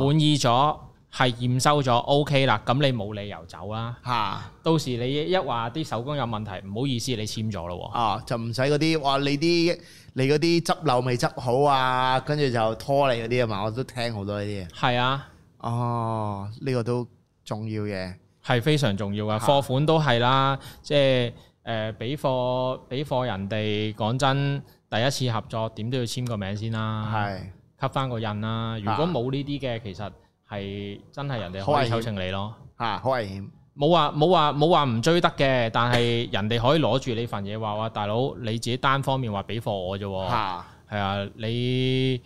滿意咗，係驗收咗，OK 啦。咁你冇理由走啦。吓，到時你一話啲手工有問題，唔好意思，你簽咗咯。啊，就唔使嗰啲，哇，你啲你嗰啲執漏未執好啊，跟住就拖你嗰啲啊嘛，我都聽好多呢啲。係啊，哦，呢個都重要嘅。係非常重要㗎，貨款都係啦，即係誒俾貨俾貨人哋。講真，第一次合作點都要簽個名先啦、啊，係，撳返個印啦。如果冇呢啲嘅，其實係真係人哋可以抽秤你咯，嚇，好危險。冇話冇話冇話唔追得嘅，但係人哋可以攞住呢份嘢話：話大佬你自己單方面話俾貨我啫，嚇，係啊、yeah.，你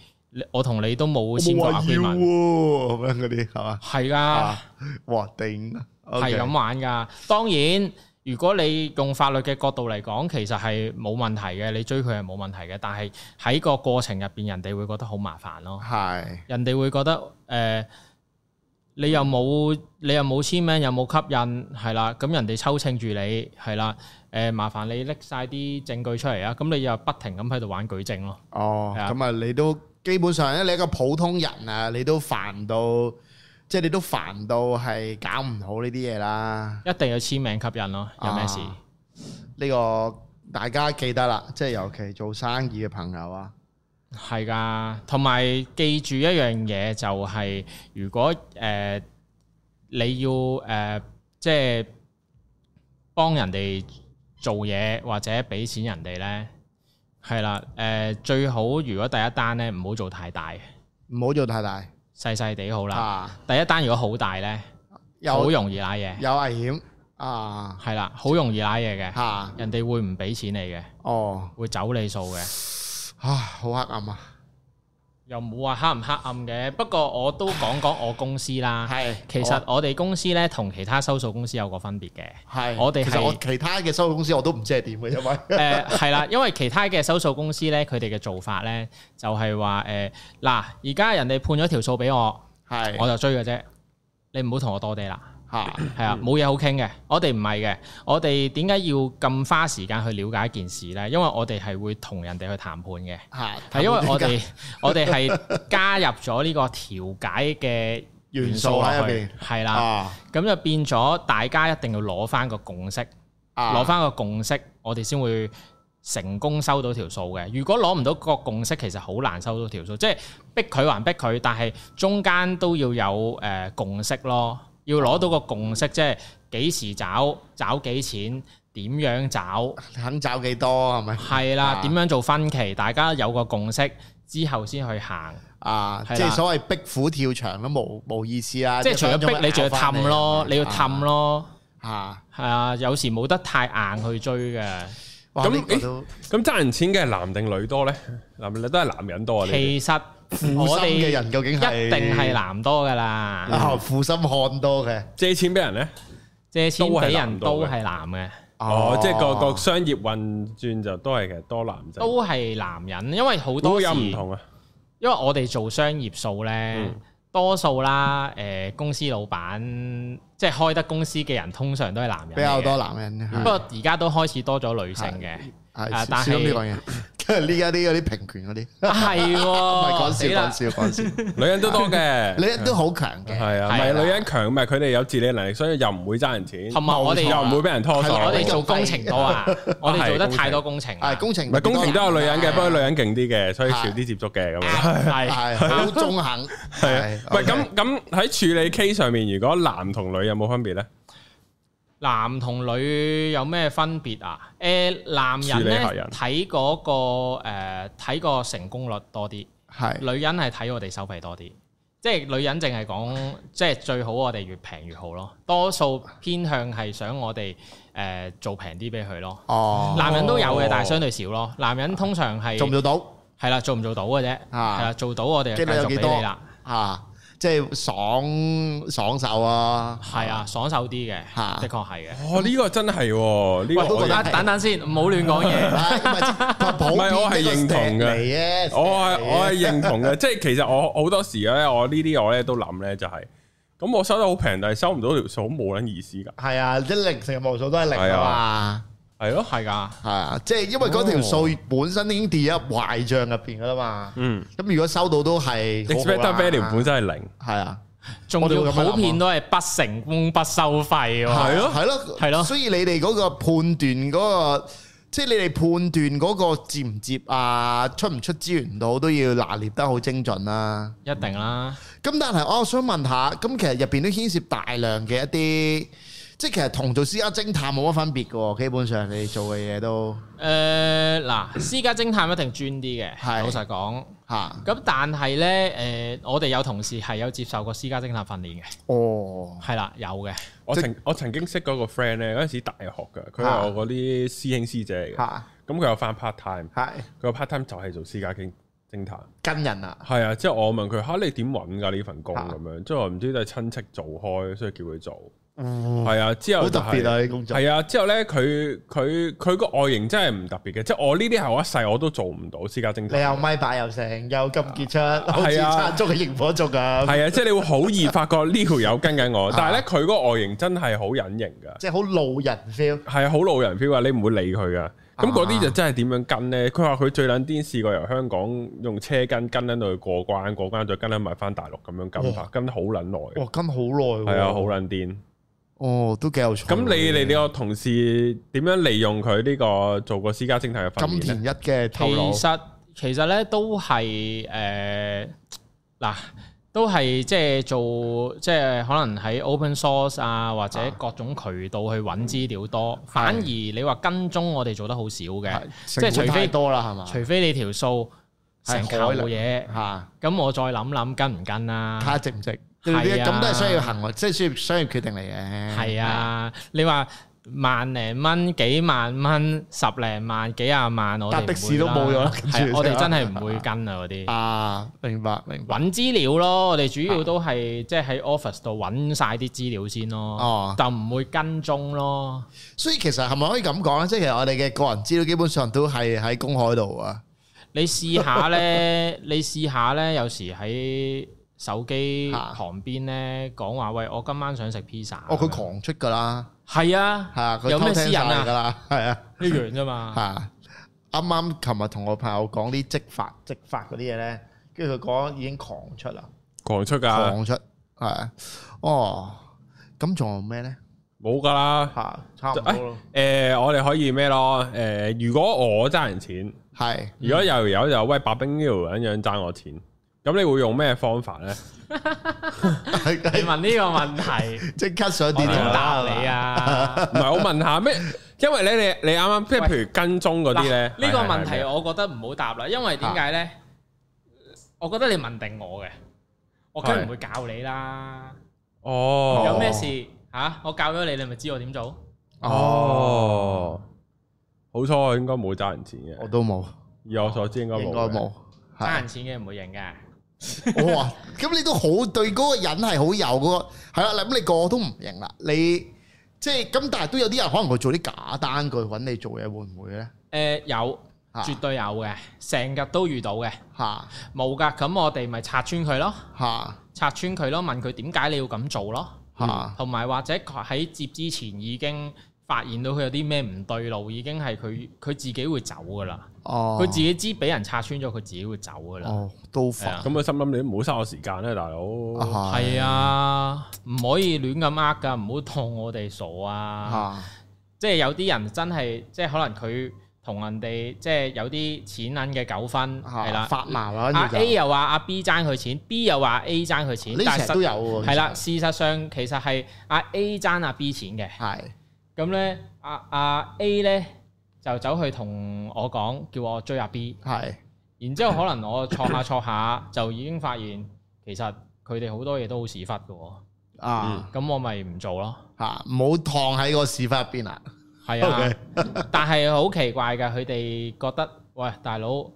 我同你都冇簽過簽名咁樣啲係嘛？係啊，哇頂、yeah. mm！Hmm. Yeah. 係咁 Okay. 玩噶，當然如果你用法律嘅角度嚟講，其實係冇問題嘅，你追佢係冇問題嘅。但係喺個過程入邊，人哋會覺得好麻煩咯。係是，人哋會覺得誒、呃，你又冇你又冇簽名，Man, 又冇吸引，係啦。咁人哋抽清住你，係啦。誒、呃，麻煩你拎晒啲證據出嚟啊！咁你又不停咁喺度玩舉證咯。哦，咁啊，你都基本上咧，你一個普通人啊，你都煩到～即係你都煩到係搞唔好呢啲嘢啦，一定要簽名吸引咯。有咩事？呢、啊這個大家記得啦，即係尤其做生意嘅朋友啊，係噶。同埋記住一樣嘢就係、是，如果誒、呃、你要誒、呃、即係幫人哋做嘢或者俾錢人哋咧，係啦誒最好如果第一單咧唔好做太大，唔好做太大。細細地好啦，啊、第一單如果好大咧，好有容易拉嘢，有危險啊，係啦，好容易拉嘢嘅，啊、人哋會唔俾錢你嘅，哦，會走你數嘅，啊，好黑暗啊！又冇話黑唔黑暗嘅，不過我都講講我公司啦。係是，其實我哋公司咧同其他收數公司有個分別嘅。係是，我哋其實我其他嘅收數公司我都唔知係點嘅，因為誒係啦， 因為其他嘅收數公司咧，佢哋嘅做法咧就係話誒嗱，呃、而家人哋判咗條數俾我，係是我就追嘅啫，你唔好同我多啲啦。係啊，冇、嗯、嘢、啊、好傾嘅。我哋唔係嘅，我哋點解要咁花時間去了解一件事咧？因為我哋係會同人哋去談判嘅，係係、啊、因為我哋 我哋係加入咗呢個調解嘅元素落去，係啦，咁了、啊、就變咗大家一定要攞翻個共識，攞翻、啊、個共識，我哋先會成功收到條數嘅。如果攞唔到個共識，其實好難收到條數，即、就、係、是、逼佢還逼佢，但係中間都要有誒共識咯。要攞到個共識，即係幾時找、找幾錢、點樣找、肯找幾多，係咪？係啦，點樣做分歧，大家有個共識之後先去行啊！的即係所謂逼虎跳牆都冇冇意思啦、啊。即係除咗逼，你仲要氹咯，你要氹咯嚇係啊！有時冇得太硬去追嘅。咁咁咁，啊欸、爭人錢嘅係男定女多咧？男女都係男人多啊！其實。我哋嘅人究竟係一定係男多噶啦？啊、嗯，負心漢多嘅，借錢俾人咧，借錢俾人都係男嘅。哦，哦，即係個個商業運轉就都係其實多男仔，都係男人，因為好多唔同啊。因為我哋做商業數咧，嗯、多數啦，誒，公司老闆即係開得公司嘅人，通常都係男人，比較多男人。嗯、不過而家都開始多咗女性嘅，但係是。呢家啲嗰啲平權嗰啲係，唔係講笑講笑講笑，女人都多嘅，女人都好強嘅，係啊，唔係女人強，唔係佢哋有自理能力，所以又唔會爭人錢，同埋我哋又唔會俾人拖數，我哋做工程多啊，我哋做得太多工程，係工程，唔係工程都有女人嘅，不過女人勁啲嘅，所以少啲接觸嘅咁樣，係係好中肯，係啊，喂，咁咁喺處理 K 上面，如果男同女有冇分別咧？男同女有咩分別啊？誒，男人咧睇嗰個睇、呃、個成功率多啲，係是。女人係睇我哋收費多啲，即係女人淨係講即係最好我哋越平越好咯。多數偏向係想我哋誒、呃、做平啲俾佢咯。哦，男人都有嘅，但係相對少咯。男人通常係做唔做到？係啦，做唔做到嘅啫。係啦、啊，做到我哋幾多就幾多啦。嚇、啊！即係爽爽手啊，係啊，爽手啲嘅，吓、啊、的確係嘅。哦，呢、呢個真係、哦，呢、呢個等、啊、等等先，唔好亂講嘢。唔係我係認同嘅， 我係我係認同嘅。即係 其實我好多時咧，我呢啲我咧都諗咧就係、是，咁我收得好平，但係收唔到條數冇撚意思噶。係啊，即零乘個數都係零啊嘛。係咯，係噶，係啊，即係因為嗰條數本身已經跌入壞賬入邊噶啦嘛。嗯，咁如果收到都係 expect value 本身係零，係啊的，仲要我哋普遍都係不成功不收費嘅。係咯了，係咯，係咯。了的所以你哋嗰個判斷嗰、那個，即、就、係、是、你哋判斷嗰個接唔接啊，出唔出資源到都要拿捏得好精準啦、啊。一定啦、啊。咁、嗯、但係我、哦、想問下，咁其實入邊都牽涉大量嘅一啲。即係其實同做私家偵探冇乜分別嘅喎，基本上你做嘅嘢都誒嗱、呃，私家偵探一定專啲嘅，係是老實講嚇。咁是但係咧誒，我哋有同事係有接受過私家偵探訓練嘅。哦，係啦，有嘅。我曾即我曾經識嗰個 friend 咧，嗰陣時大學㗎，佢係我嗰啲師兄師姐嚟嘅。嚇是！咁佢有翻 part time，係佢個 part time 就係做私家偵偵探跟人啊。係啊，即係我問佢嚇，你點揾㗎呢份工咁樣，即係我唔知都係親戚做開，所以叫佢做。係啊，之後好特別啊工作。係啊，之後咧佢佢佢個外形真係唔特別嘅，即係我呢啲係我一世我都做唔到私家偵探。你又咪霸又成又咁傑出，好似蠟燭嘅螢火族咁。係啊，即係你會好易發覺呢條友跟緊我，但係咧佢個外形真係好隱形噶，即係好路人 feel。係啊，好路人 feel 啊，你唔會理佢噶。咁嗰啲就真係點樣跟咧？佢話佢最撚癲試過由香港用車跟跟緊去過關，過關再跟緊埋翻大陸咁樣跟法，跟得好撚耐。哇，跟好耐。係啊，好撚癲。哦，都幾有趣。咁你哋你個同事點樣利用佢呢個做個私家偵探嘅訓練？金田一嘅其實其實咧都係誒嗱，都係即係做即係可能喺 open source 啊或者各種渠道去揾資料多。反而你話跟蹤我哋做得好少嘅，即係除非多啦係嘛？除非你條數成個老嘢嚇，咁我再諗諗跟唔跟啦？睇下值唔值？係啊，咁都係商業行為，即係需要商業決定嚟嘅。係啊，啊你話萬零蚊、幾萬蚊、十零萬、幾廿萬，我搭的士都冇咗啦。啊、我哋真係唔會跟啊嗰啲。啊，明白，明白。搵資料咯，我哋主要都係、啊、即係喺 office 度搵晒啲資料先咯。哦，就唔會跟蹤咯。所以其實係咪可以咁講咧？即係其實我哋嘅個人資料基本上都係喺公開度啊 。你試下咧，你試下咧，有時喺。手機旁邊咧講話喂，我今晚想食 pizza。哦，佢狂出噶啦，係啊，有咩私隱啊？係啊，呢樣啫嘛。吓，啱啱琴日同我朋友講啲即發即發嗰啲嘢咧，跟住佢講已經狂出啦，狂出噶、啊，狂出係啊。哦，咁仲有咩咧？冇噶啦，吓、啊，差唔多誒、哎呃，我哋可以咩咯？誒、呃，如果我爭人錢，係是，如果又有又喂白兵 U 咁樣爭我錢。咁你會用咩方法咧？你問呢個問題，即刻想點點答你啊？唔係我問下咩？因為咧，你你啱啱即係譬如跟蹤嗰啲咧，呢個問題我覺得唔好答啦。因為點解咧？我覺得你問定我嘅，我梗唔會教你啦。哦，有咩事吓？我教咗你，你咪知我點做。哦，好彩我應該冇揸人錢嘅，我都冇。以我所知應該冇，揸人錢嘅唔會認嘅。我咁、 哦、你都好對嗰個人係好有嗰個係啦，咁、啊、你個，個都唔認啦，你即係咁，但係都有啲人可能會做啲假單據揾你做嘢，會唔會呢？誒、呃，有，啊、絕對有嘅，成日都遇到嘅，吓、啊，冇噶，咁我哋咪拆穿佢咯，吓、啊，拆穿佢咯，問佢點解你要咁做咯，吓、啊，同埋、嗯、或者喺接之前已經。發現到佢有啲咩唔對路，已經係佢佢自己會走噶啦。哦，佢自己知俾人拆穿咗，佢自己會走噶啦。哦，都煩。咁啊，心諗你都唔好嘥我時間咧，大佬。係啊，唔可以亂咁呃噶，唔好當我哋傻啊。啊，即係有啲人真係，即係可能佢同人哋即係有啲錢銀嘅糾紛係啦，發難啦。A 又話阿 B 爭佢錢，B 又話 A 爭佢錢，呢成都有係啦。事實上，其實係阿 A 爭阿 B 錢嘅，係。咁咧，阿阿 A 咧就走去同我講，叫我追阿 B 是。係，然之後可能我錯下錯下， 就已經發現其實佢哋好多嘢都好屎忽嘅喎。啊，咁我咪唔做咯，唔好趟喺個屎忽入邊啦。係啊，Okay. 但係好奇怪嘅，佢哋覺得喂，大佬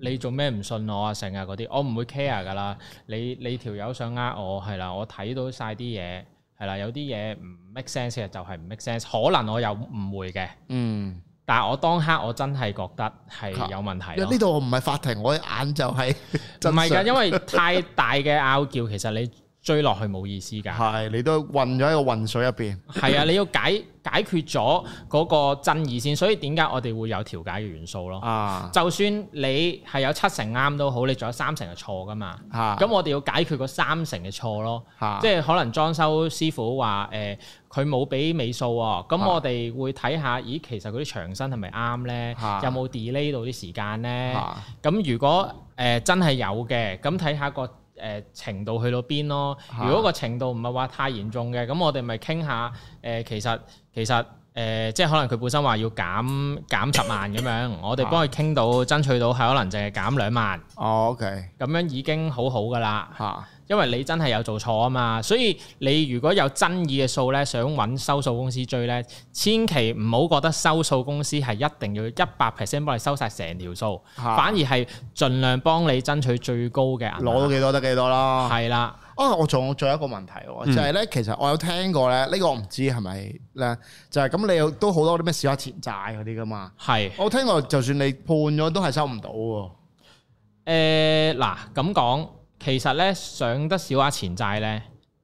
你做咩唔信我啊？成日嗰啲，我唔會 care 噶啦。你你條友想呃我，係啦，我睇到晒啲嘢。係啦，有啲嘢唔 make sense 嘅就係唔 make sense，可能我有誤會嘅。嗯，但係我當刻我真係覺得係有問題。呢度我唔係法庭，我眼就係唔係㗎，因為太大嘅拗撬， 其實你。追落去冇意思㗎，係你都混咗喺個混水入邊。係啊， 你要解解決咗嗰個爭議先，所以點解我哋會有調解嘅元素咯？啊，就算你係有七成啱都好，你仲有三成係錯㗎嘛。嚇、啊，咁我哋要解決個三成嘅錯咯。啊、即係可能裝修師傅話誒，佢冇俾尾數喎，咁我哋會睇下，啊、咦，其實嗰啲牆身係咪啱咧？啊、有冇 delay 到啲時間咧？咁如果誒真係有嘅，咁睇下個。誒、呃、程度去到邊咯？如果個程度唔係話太嚴重嘅，咁的我哋咪傾下誒、呃，其實其實誒、呃，即係可能佢本身話要減減十萬咁樣，的我哋幫佢傾到爭取到係可能淨係減兩萬。哦，OK，咁樣已經好好㗎喇。嚇～因為你真係有做錯啊嘛，所以你如果有爭議嘅數咧，想揾收數公司追咧，千祈唔好覺得收數公司係一定要一百 percent 幫你收晒成條數，啊、反而係盡量幫你爭取最高嘅。攞到幾多得幾多啦。係啦，啊，我仲有我仲有一個問題喎，嗯、就係咧，其實我有聽過咧，呢、個我唔知係咪咧，就係咁，你有都好多啲咩小額錢債嗰啲噶嘛。係是。我聽過，就算你判咗都係收唔到喎。嗱、啊，咁講。其實咧，上得小額錢債咧，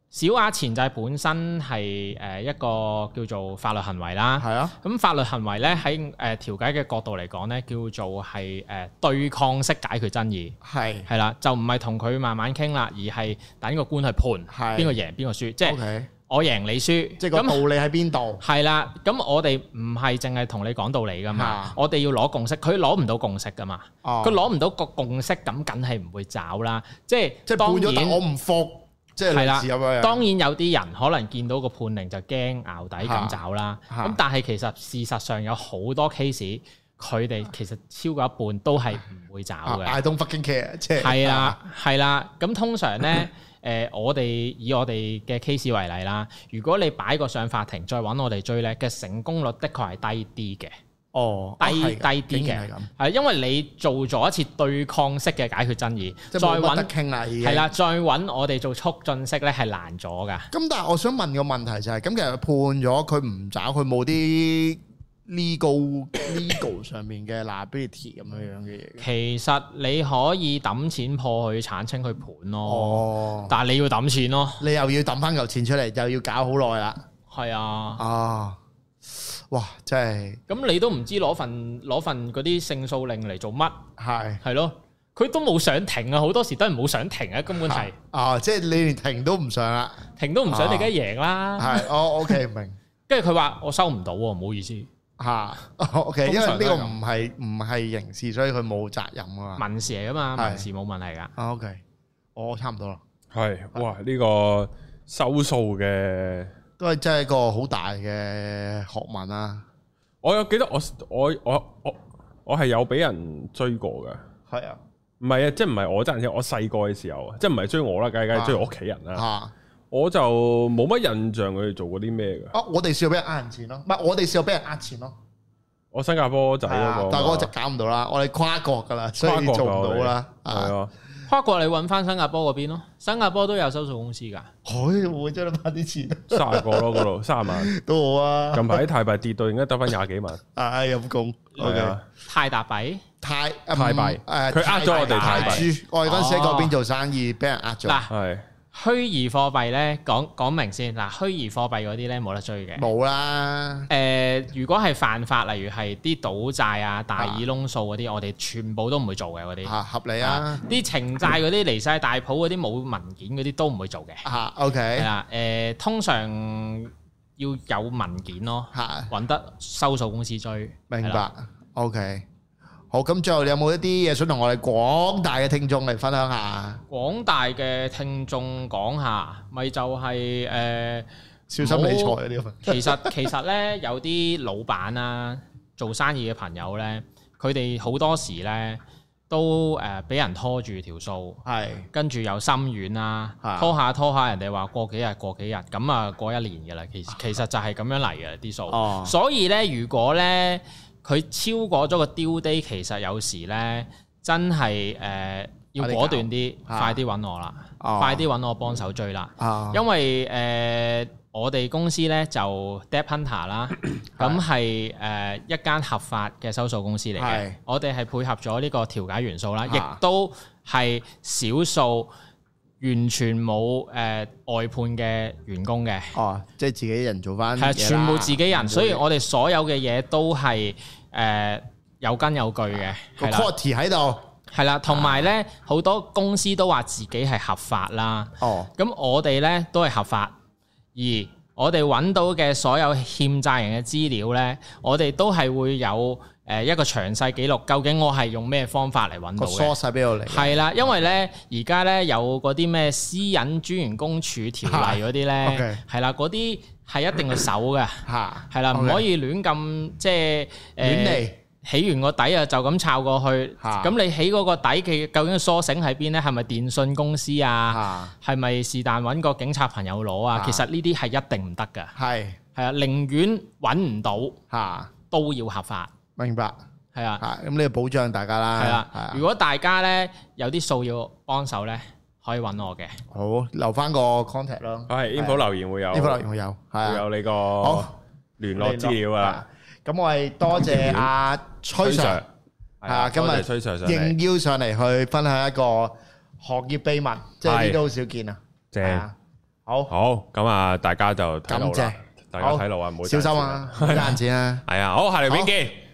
小額錢債本身係誒一個叫做法律行為啦。係啊。咁法律行為咧，喺誒調解嘅角度嚟講咧，叫做係誒對抗式解決爭議。係係啦，就唔係同佢慢慢傾啦，而係等個官去判，邊個是贏邊個輸，即係。Okay. 我贏你輸，咁道理喺邊度？係啦、嗯，咁我哋唔係淨係同你講道理噶嘛，啊、我哋要攞共識，佢攞唔到共識噶嘛，佢攞唔到個共識，咁梗係唔會找啦。即係判咗，當然我唔服，即係類似咁樣。當然有啲人可能見到個判令就驚淆底咁找啦，咁、啊啊、但係其實事實上有好多 case。佢哋其實超過一半都係唔會找嘅。I don't fucking care 即係係係啦。咁 通常咧，誒、呃，我哋以我哋嘅 case 為例啦。如果你擺個上法庭，再揾我哋追咧，嘅成功率的確係低啲嘅。哦，低、啊、低啲嘅，係因為你做咗一次對抗式嘅解決爭議，再揾傾啦，係啦經，再揾我哋做促進式咧係難咗㗎。咁但係我想問個問題就係，咁其實判咗佢唔找，佢冇啲，legal legal 上面嘅 naughty 咁樣樣嘅嘢， 其實你可以抌錢破去產清佢盤咯，哦、但係你要抌錢咯，你又要抌翻嚿錢出嚟，又要搞好耐啦。係是啊，啊、哦，哇，真係，咁、嗯、你都唔知攞份攞份嗰啲勝訴令嚟做乜？係係是咯，佢都冇想停啊，好多時都係冇想停啊，根本係啊，哦、即係你連停都唔想啦，停都唔想你贏，你梗係贏啦。係、哦 okay, 我 OK 明，跟住佢話我收唔到，唔好意思。吓，OK，因為呢個唔係唔係刑事，所以佢冇責任噶嘛。係，民事嚟噶嘛，民事冇問題噶。OK，我差唔多咯。係，哇！呢個收數嘅都係真係一個好大嘅學問啊！問啊我有記得我我我我我係有俾人追過噶。係啊，唔係啊，即係唔係我真係，我細個嘅時候，即係唔係追我啦，梗係追我屋企人啦。啊！我就冇乜印象佢哋做過啲咩噶。哦，我哋試過俾人呃人錢咯，唔係我哋試過俾人呃錢咯。我新加坡就一個，大哥就搞唔到啦。我哋跨國噶啦，所以做唔到啦。係啊，跨國你搵翻新加坡嗰邊咯。新加坡都有收數公司噶。可以，我真係翻啲錢。三十個咯，嗰度三十萬都好啊。近排啲泰幣跌到，應該得翻廿幾萬。唉，有冇講？係啊，泰達幣，泰泰幣，誒，佢呃咗我哋泰幣。我哋喺新加坡邊做生意，俾人呃咗。嗱，係。虛擬貨幣咧講講明先嗱，虛擬貨幣嗰啲咧冇得追嘅冇啦。誒、呃，如果係犯法，例如係啲賭債啊、大耳窿數嗰啲，啊、我哋全部都唔會做嘅嗰啲嚇合理啊。啲情債嗰啲離晒大譜嗰啲冇文件嗰啲都唔會做嘅嚇。O K 係啦。誒、呃，通常要有文件咯嚇，揾、啊、得收數公司追明白。O K、啊。咁最後你有冇一啲嘢想同我哋廣大嘅聽眾嚟分享下？廣大嘅聽眾講下，咪就係誒小心理財呢個問題，其實 其實咧，有啲老闆啦、啊，做生意嘅朋友咧，佢哋好多時咧都誒俾人拖住條數，係是的 跟住有心軟啦、啊是的，拖下拖下，人哋話過幾日過幾日，咁啊過一年嘅啦。其實其實就係咁樣嚟嘅啲數，所以咧如果咧。佢超過咗個 due day，其實有時咧真係誒、呃、要果斷啲，啊、快啲揾我啦，啊、快啲揾我幫手追啦。啊啊、因為誒、呃、我哋公司咧就 Debt Hunter 啦，咁係誒一間合法嘅收數公司嚟嘅。是我哋係配合咗呢個調解元素啦，亦都係少數。完全冇誒、呃、外判嘅員工嘅，哦，即係自己人做返，係全部自己人，會所以我哋所有嘅嘢都係誒、呃、有根有據嘅，個 court 喺度，係啦的，同埋咧好多公司都話自己係合法啦，哦、啊，咁我哋咧都係合法，而我哋揾到嘅所有欠債人嘅資料咧，我哋都係會有，誒一個詳細記錄，究竟我係用咩方法嚟揾到嘅？個 source 俾我嚟係啦，因為咧而家咧有嗰啲咩私隱專員公署條例嗰啲咧係啦，嗰啲係一定要守嘅係啦，唔可以亂咁即係誒起完個底啊，就咁抄過去咁。你起嗰個底，佢究竟個 source 喺邊咧？係咪電信公司啊？係咪是但揾個警察朋友攞啊？其實呢啲係一定唔得嘅，係係啊，寧願揾唔到嚇都要合法。明白，係啊，咁呢個保障大家啦。係啊，如果大家咧有啲數要幫手咧，可以揾我嘅。好，留翻個 contact 咯。我係 email 留言會有，email 留言會有，係啊，有你個聯絡資料啊。咁我係多謝阿崔 Sir，啊，今日應邀上嚟去分享一個行業秘密，即係呢度好少見啊。正，好，好，咁啊，大家就睇路啦。大家睇路啊，唔好小心啊，幾多銀紙啊？係啊，好，下條片見。